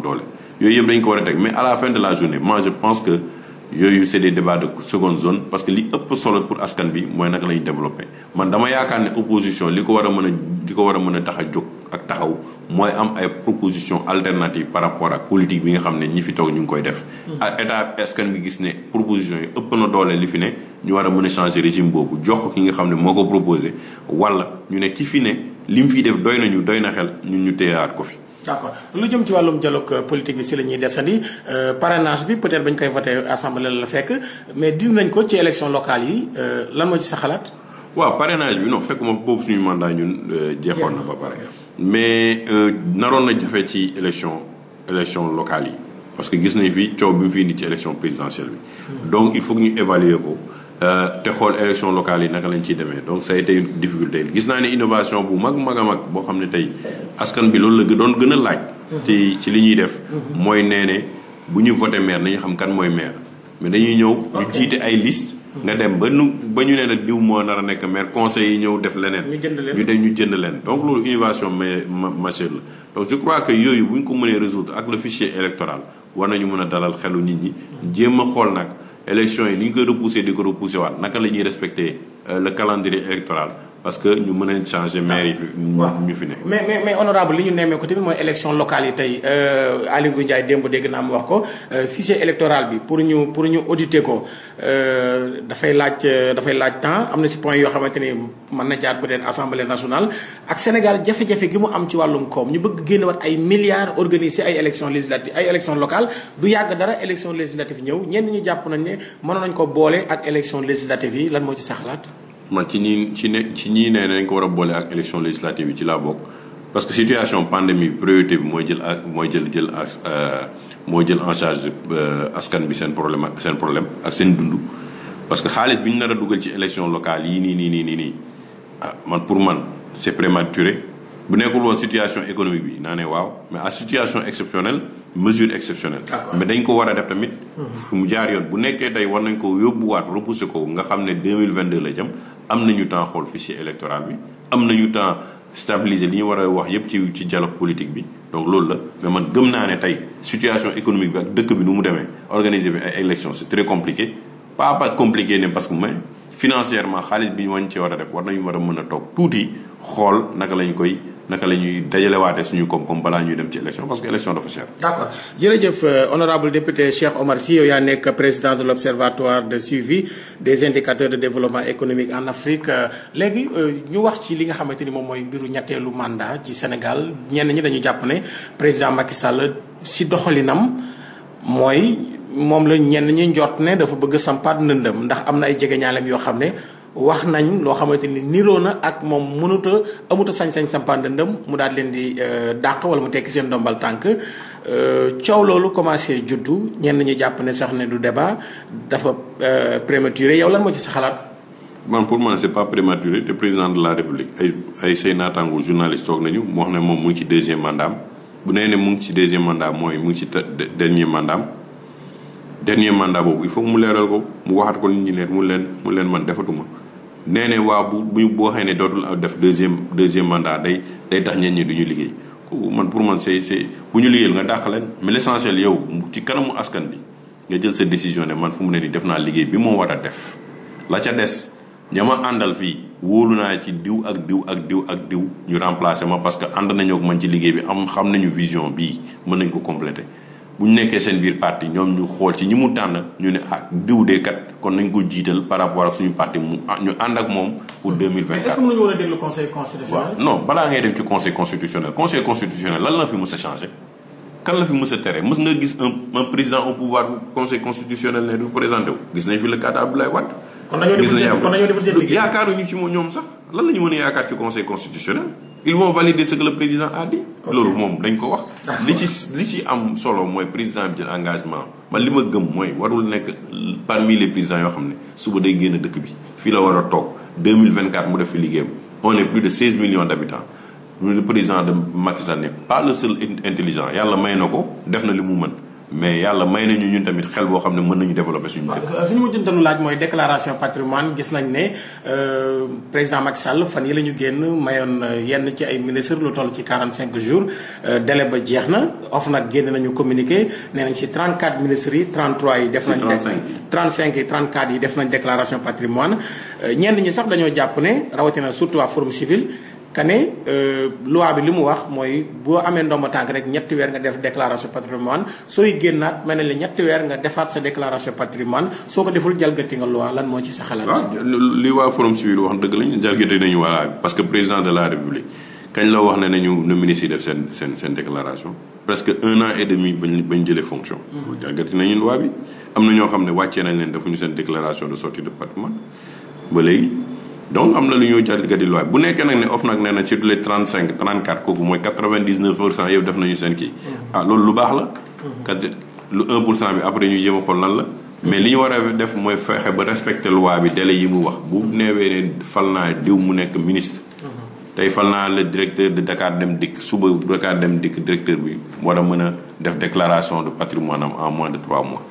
yooyu c'est des débats de seconde zone parce que li ëpp solo pour askan bi mooy naka la ñu man dama yaakaar ne opposition li ko war a mën a li ko war a mën a tax a jóg ak taxaw mooy am ay proposition alternative par rapport ak politique bi nga xam ne ñi fi toog ñu ngi koy def. Hmm. ak état askan bi gis ne proposition yi ëpp na doole li fi ne ñu war a mën a changer régime boobu jox ko ki nga xam ne moo ko proposé wala ñu ne ki fi ne li mu fiy def doy nañu doy na xel ñun ñu téyaat ko fi. d' accord lu jëm ci wàllum dialogue politique bi si la ñuy desandi euh, parrainage bi peut-être bañ koy voté assemblée la fekk mais nañ ko ci élection locale yi euh, lan moo ci sa xalaat. waaw parrainage bi non fekk moom boobu suñu mandat ñun euh, jeexoon na ba pare. mais naroon na jafe ci élection élection locale yi parce que gis nañ fi coow bi mu fi indi ci élection présidentielle bi. Hmm. donc il faut ñu évaluer ko. Euh, te xool élection locale yi naka lañ ciy demee donc ça a été une difficulté gis naa ne innovation bu mag mag mag boo xam ne tey askan bi loolu la doon gën a laaj. ci ci li ñuy def. mooy nee ne bu ñu voté maire nañu xam kan mooy maire mais dañuy ñëw. ñu jiite ay liste nga dem ba nu ba ñu ne la diw moo nar a nekk maire conseil yi ñëw def leneen. ñu jënd leen ñu dem ñu jënd leen donc loolu innovation ma machine la donc je crois que yooyu bu ñu ko mënee résoudre ak le fichier électoral war nañu mën a dalal xelu nit ñi. jéem a xool nag. élection yi ni ñu koy repousser di ko repousser waat naka la ñuy respecter euh, le calendrier électoral parce que ñu mën a changer ah. mair yi. ñu fi nekk. mais mais mais honorable li ñu nemmee ko tamit mooy élection locale yi tey euh, Aly Ngouille Ndiaye démb dégg naa mu wax ko euh, fichier électoral bi pour ñu pour ñu auditer ko euh, dafay laaj dafay laaj temps am na si point yoo xamante ni mën na jaar peut-être assemblée national ak Sénégal jafe-jafe gi mu am ci wàllum koom ñu bëgg génn wat ay milliards organiser ay élections législatives ay élections locales du yàgg dara élection législative ñëw ñenn ñi jàpp nañ ne mënoon nañ ko boole ak élection législative yi lan moo ci saxlaat man ci ñi ci ne ci ñii nee nañ ko war a boole ak élection législative yi ci laa bokk parce que situation pandémie bi priorité bi mooy jël mooy jël jël euh, mooy jël en charge euh, askan bi seen problème ak seen problème ak seen dund parce que xaalis bi ñu nar a dugal ci élection locale yii nii nii nii nii nii ah man pour man c'est prématuré bu nekkul woon situation économique bi naa ne waaw mais à situation exceptionnelle mesure exceptionnelle. mais dañ ko war a def tamit. mu jaar yoon bu nekkee tey war nañ ko yóbbuwaat repousser ko nga xam ne deux mille vingt deux la jam am nañu temps xool fichier électoral bi am na ñu temps stabiliser li ñu war a wax yépp ci ci dialogue politique bi donc loolu la mais man gëm naa ne tey situation économique bi ak dëkk bi nu mu demee organiser bi ay élections c'est très compliqué pas ne parce que mais financièrement xaalis bi ñu wañ war a def war nañu war a mën a toog tuuti xool naka lañ koy. naka la ñuy dajalewaate suñu koom-koom balaa ñuy dem ci élection parce que élection dafa cher. d' accord jërëjëf euh, honorable député Cheikh Omar Sy yow yaa nekk président de l' observatoire de suivi des indicateurs de développement économique en Afrique euh, léegi euh, ñu wax ci li nga xamante ni moom mooy mbiru ñetteelu mandat ci Sénégal ñenn ñi dañu jàpp ne président Macky Sall si doxalinam mooy moom la ñenn ñi njort ne dafa bëgg sampaat ndëndëm ndax am na ay jegeñaaleem yoo xam ne. wax nañ loo xamante ni niroo na ak moom mënut a sañ-sañ sampaan dëndëm mu daal leen di euh, dàq wala mu tekki seen ndombal tànk euh, coow loolu commencé juddu ñenn ñi jàpp ne sax ne du débat dafa euh, prématuré yaw lan moo ci sa xalaat. man pour man c'est pas prématuré te président de la république ay ay say naataango journaliste toog nañu mu wax ne moom mu ngi ci deuxième mandat bu nee ne mu ngi ci deuxième mandat mooy mu ngi ci dernier mandat dernier mandat boobu il faut mu leeral ko mu waxaat ko nit ñi leer mu leen mu leen man defatuma nee ne waaw bu bu boo xëy ne dootul def deuxième deuxième mandat day day tax ñenn ñi du ñu liggéey kooku man pour man c'est c'est bu ñu liggéeyal nga dàq leen mais l'essentiel yow ci kanamu askan bi nga jël sa décision ne man fu mu ne nii def naa liggéey bi moo war a def la ca des ña àndal fii wóolu naa ci diw ak diw ak diw ak diw ñu remplacer ma parce que ànd nañoo man ci liggéey bi am xam nañu vision bii mën nañ ko compléter bu ñu nekkee seen biir parti ñoom ñu xool ci ñi mu tànn ñu ne ah diw kat kon nañ ko jiital par rapport ak suñu parti mu ah ñu ànd ak moom pour 2024. est-ce que mënuñu war a déglu conseil constitutionnel. waaw non balaa ngay dem ci conseil constitutionnel conseil constitutionnel lan la fi mës a changé. kan la fi mës a tere mës nga gis un un président au pouvoir bu conseil constitutionnel ne du présenté wu. gis nañ fi le cas d'Abdoulaye Wade. gis yaakaaruñu ci moom sax lan la ñu mën a yaakaar ci conseil constitutionnel. ils vont valider ce que le président a loolu moom dañ ko wax. li ci li ci am solo mooy président bi jël engagement man li ma gëm mooy warul nekk parmi les présidents yoo xam ne suba day génn dëkk bi fii la war a toog 2024 mu def fi liggéeyam on est plus de 16 millions d' habitants le président de Macky Sall n'est pas le seul intelligent yàlla may na ko def na li mu mën. mais yàlla may nañu ñun tamit xel boo xam ne mën nañu développer suñu dëkk. suñu mujjantalu laaj mooy déclaration patrimoine gis nañ ne euh, président Macky Sall fan yi la ñu génn mayoon euh, yenn ci ay ministres lu toll ci 45 jours euh, délai ba jeex na of nag génn nañu communiqué nee nañ si 34 ministre yi 33 yi. def nañ 35 yi 34 yi def nañ déclaration patrimoine ñenn ñi sax dañoo jàpp ne rawatina surtout waa forum civil. kane euh, loi bi li mu wax mooy boo amee ndomba tànk rek ñetti weer nga def déclaration patrimoine sooy génnaat mel ne la ñetti weer nga defaat sa déclaration patrimoine soo ko deful jalgati nga loi lan moo ci sa xalaat. Ah, li waa forum civil wax dëgg lañu jalgati nañu parce que président de la république kañ la wax ne nañu ñu ministre def seen seen seen déclaration presque un an et demi bañ bañ jëlee fonction. Mm-hmm. jalgati nañu loi bi am na ñoo xam ne wàccee nañ leen defuñu seen déclaration de sortie de patrimoine ba léegi. donc am na lu ñuy jalgati loi bu nekkee nag ne OFNAC nee na sur les trente cinq trente quatre kooku mooy quatre vingt dix neuf pour cent yëpp def nañu seen kii. Mm-hmm. ah loolu lu baax la. Mm-hmm. kat lu un pour cent bi après ñu jéem a xool la. mais li ñu war a def mooy fexe ba respecter loi bi délai yi mu wax bu neewee ne fal naa diw mu nekk ministre. Mm-hmm. tey fal naa le directeur de Dakar Dem Dikk suba Dakar Dem Dikk directeur bi war a mën a def déclaration de patrimoine am en moins de trois mois.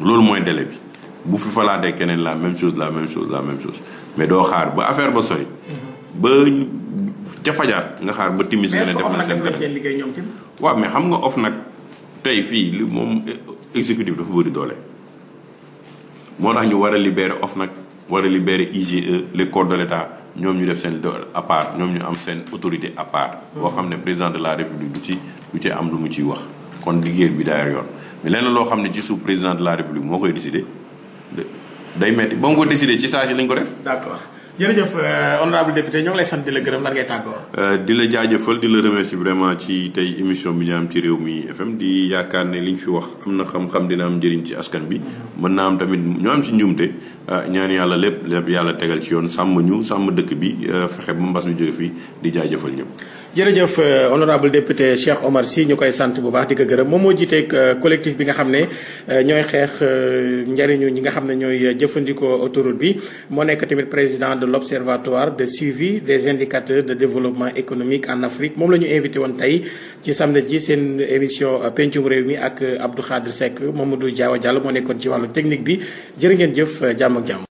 loolu mooy délai bi. bu fi falaatee keneen la même chose la même chose la même chose mais doo xaar ba affaire ba sori. ba ca fajaat nga xaar ba timis nga ne def na seen seen liggéey ñoom tamit waaw mais xam nga of nag tey fii li moom exécutif dafa bëri doole. moo tax ñu war a libérer of nag war a libérer IGE les corps de ñoom ñu def seen doole à part ñoom ñu am seen autorité à part. boo xam ne président de la république du ci lu ci am lu mu ciy wax. kon liggéey bi daayar yoon mais leneen loo xam ne ci suuf président la république moo koy décider. day metti ba mu ko décidé ci saa si lañ ko def. d'accord jërëjëf euh, honorable député ñoo ngi lay sant di la gërëm lan ngay tàggoo. Euh, di la jaajëfal di la remercier vraiment ci tey émission bi ñu ci réew mi FM di yaakaar ne li ñu fi wax am na xam-xam dina am njëriñ ci askan bi. mën naa am tamit ñoo am ci njuumte euh, ñaan yàlla lépp lépp yàlla tegal ci yoon sàmm ñu sàmm dëkk bi fexe ba mbas mi jóge fii di jaajëfal ñëpp. jërëjëf euh, honorable député Cheikh Omar Sy ñu koy sant bu baax di ko gërëm moom moo jiite euh, collectif bi nga xam ne euh, ñooy xeex njariñu ñi nga xam ne ñooy jëfandikoo autoroute bi moo nekk tamit président de l'observatoire de suivi des indicateurs de développement économique en Afrique moom la ñu invité woon tey ci samedi ji seen émission pencum réew mi ak Abdou moom Seck Mamadou Diawa Diallo moo nekkoon ci wàllu technique bi jërë ngeen jëf jàmm ak jàmm